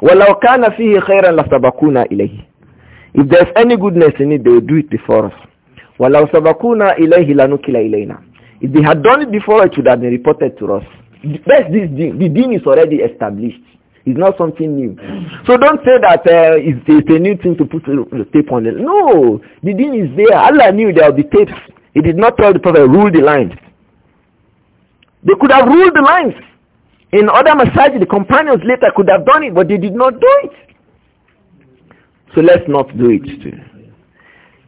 وَلَوْ كَانَ فِيهِ خَيْرًا لَسَبَقُونَ إِلَيْهِ If there's any goodness in it, they will do it before us. وَلَوْ إِلَيْهِ لَنُكِلَ إِلَيْنَا if they had done it before, it would have been reported to us. That's this deen. The deen is already established. It's not something new. So don't say that uh, it's, it's, a new thing to put the tape on it. No, the deen is there. Allah knew there would be tapes. He did not tell the Prophet, rule the lines. They could have ruled the lines. In other massages, the companions later could have done it, but they did not do it. So let's not do it. Too.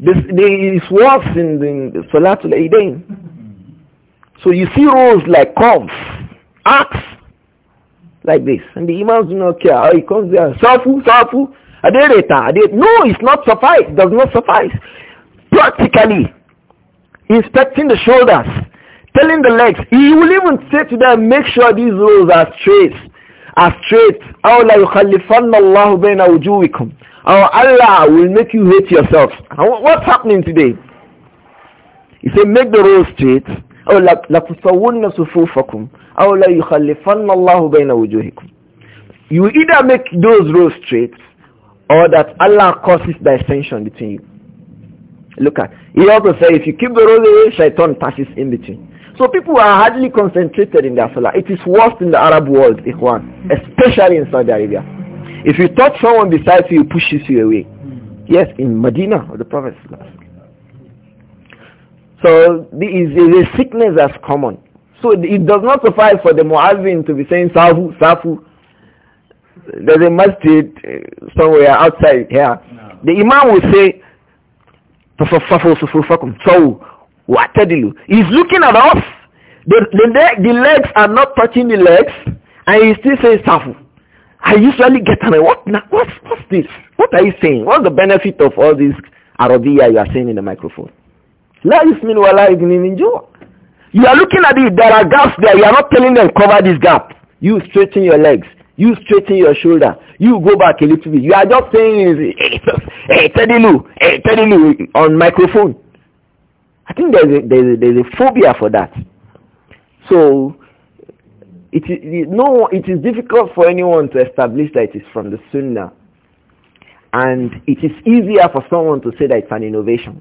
This, there is worse in, in Salatul Eidain. So you see rows like combs, axe, like this. And the imams do not care. Oh, he comes there, Safu, Safu, Adereta, Adereta. No, it's not suffice. It does not suffice. Practically, inspecting the shoulders, telling the legs. He will even say to them, make sure these rows are straight. Are straight. أَوْ لَا اللَّهُ بَيْنَ وُجُوهِكُمْ Our Allah will make you hate yourselves. What's happening today? He said, make the rows straight you either make those roads straight or that Allah causes dissension between you. Look at, he also say if you keep the road away, shaitan passes in between. So people are hardly concentrated in their salah. It is worst in the Arab world, Ikhwan, especially in Saudi Arabia. If you touch someone beside you, he pushes you away. Yes, in Medina, the Prophet. So the, is a sickness that's common. So it does not suffice for the Muazzin to be saying Safu, Safu. There's a masjid uh, somewhere outside here. No. The Imam will say, He's looking at us. The, the, the legs are not touching the legs and he still says Safu. I usually get an what what's what's this? What are you saying? What's the benefit of all this arabia you are saying in the microphone? La yusmin wa la You are looking at it, there are gaps there. You are not telling them cover this gap. You straighten your legs. You straighten your shoulder. You go back a little bit. You are just saying, hey, eh, eh, eh, Teddy Lou, hey, Teddy Lou, on microphone. I think there's a, there's a, there's a phobia for that. So, it is, no, it is difficult for anyone to establish that it is from the Sunnah. And it is easier for someone to say that it's an innovation.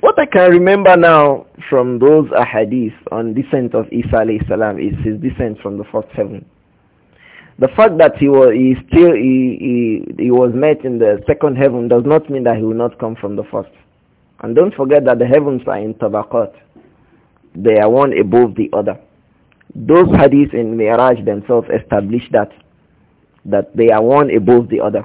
what I can remember now from those ahadith on descent of Isa salam is his descent from the fourth heaven. The fact that he was he still he, he, he was met in the second heaven does not mean that he will not come from the first. And don't forget that the heavens are in tabaqat. They are one above the other. Those hadiths in Miraj themselves establish that that they are one above the other.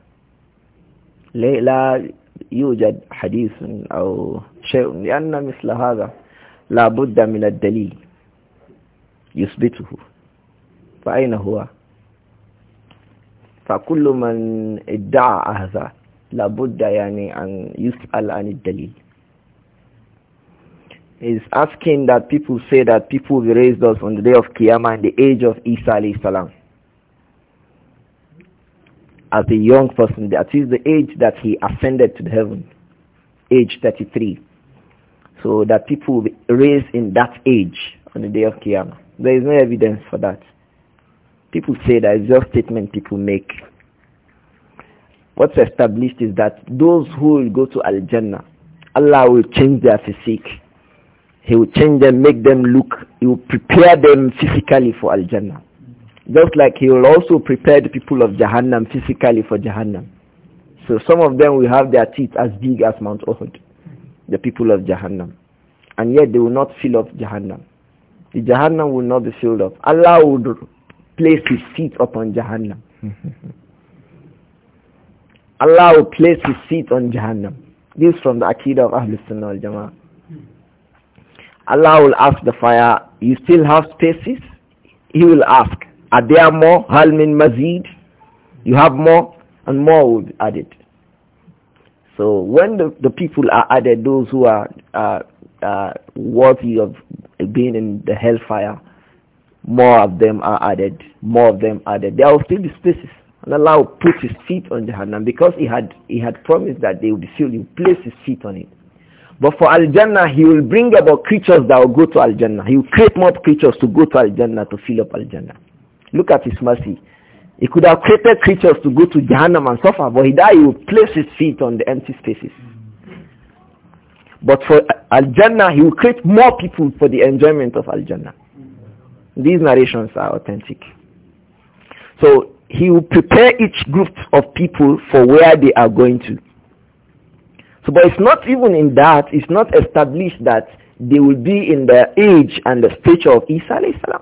لا يوجد حديث أو شيء لأن مثل هذا لا بد من الدليل يثبته فأين هو فكل من ادعى هذا لا بد يعني أن يسأل عن الدليل is asking that people say that people will raise us on the day of Qiyamah in the age of Isa alayhi salam. as a young person. That is the age that he ascended to the heaven, age 33. So that people will be raised in that age on the day of Qiyamah. There is no evidence for that. People say that it's just statement people make. What's established is that those who will go to Al-Jannah, Allah will change their physique. He will change them, make them look, he will prepare them physically for Al-Jannah. Just like he will also prepare the people of Jahannam physically for Jahannam. So some of them will have their teeth as big as Mount Uhud, the people of Jahannam. And yet they will not fill up Jahannam. The Jahannam will not be filled up. Allah will place his feet upon Jahannam. Allah will place his seat on Jahannam. This from the Aqidah of Ahlul Sunnah al Jama'ah. Allah will ask the fire, you still have spaces? He will ask. Are there more? Hal min mazid? You have more? And more will be added. So when the, the people are added, those who are uh, uh, worthy of being in the hellfire, more of them are added, more of them added. There will still be spaces. And Allah will put his feet on Jahannam because he had, he had promised that they would be filled. He will place his feet on it. But for Al-Jannah, he will bring about creatures that will go to Al-Jannah. He will create more creatures to go to Al-Jannah, to fill up Al-Jannah. Look at his mercy. He could have created creatures to go to Jahannam and suffer, but he died, he would place his feet on the empty spaces. But for Al-Jannah, he will create more people for the enjoyment of Al-Jannah. These narrations are authentic. So he will prepare each group of people for where they are going to. So, but it's not even in that, it's not established that they will be in the age and the stature of Isa alayhi salam.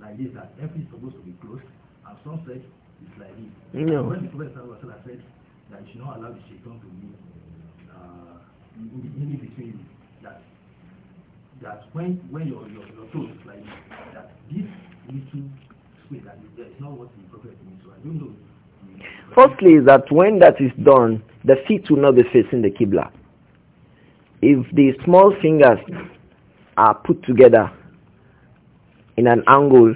like this that every is supposed to be closed, and some said it's like this. No. When the Prophet said that you should not allow the shaitan to be uh, in, in between that that when when your your, your toes is like this, that this little space that is there is not what the Prophet means. So I don't know. Firstly, is that when that is done, the feet will not be facing the Qibla. If the small fingers are put together in an angle,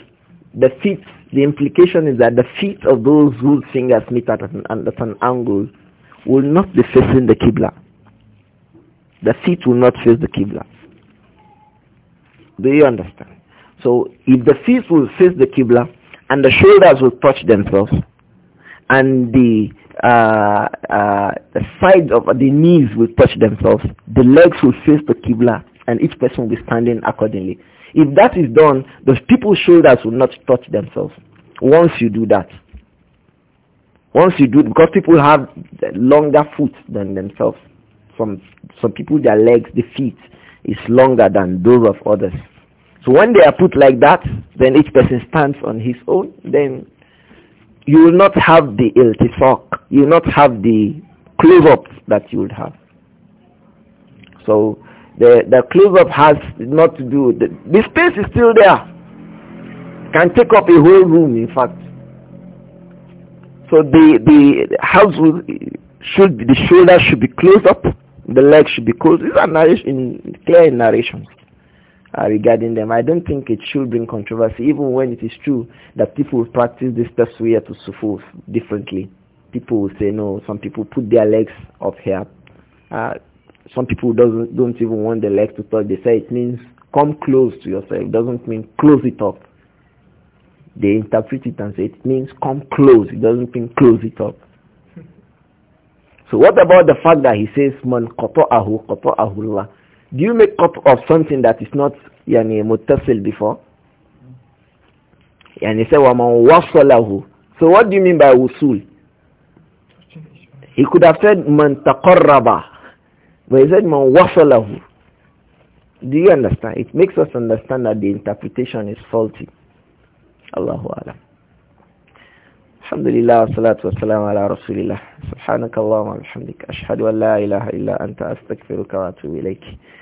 the feet, the implication is that the feet of those whose fingers meet at an, at an angle will not be facing the Qibla. The feet will not face the Qibla. Do you understand? So if the feet will face the Qibla and the shoulders will touch themselves and the, uh, uh, the sides of the knees will touch themselves, the legs will face the Qibla and each person will be standing accordingly. If that is done, the people's shoulders will not touch themselves. Once you do that, once you do, because people have longer foot than themselves. Some some people their legs, the feet is longer than those of others. So when they are put like that, then each person stands on his own. Then you will not have the iltifak. You will not have the close up that you would have. So the, the close-up has not to do, the, the space is still there. Can take up a whole room, in fact. So the, the house will, should, the shoulder should be closed up, the leg should be closed. These are narration, clear narrations. Uh, regarding them. I don't think it should bring controversy, even when it is true that people practice this taswiyah to sufuf differently. People will say no. Some people put their legs up here. Uh, some people doesn't, don't even want the leg to touch. They say it means come close to yourself. It doesn't mean close it up. They interpret it and say it means come close. It doesn't mean close it up. So what about the fact that he says man ahu qata'ahu Do you make cut of something that is not yani mutasil before? And he said wa wasalahu. So what do you mean by usul? He could have said man taqarraba but he said, Man wasalahu. Do you understand? It makes us understand that the interpretation is faulty. Allahu Alam. الحمد لله والصلاة والسلام على رسول الله سبحانك اللهم وبحمدك أشهد أن لا إله إلا أنت أستغفرك وأتوب إليك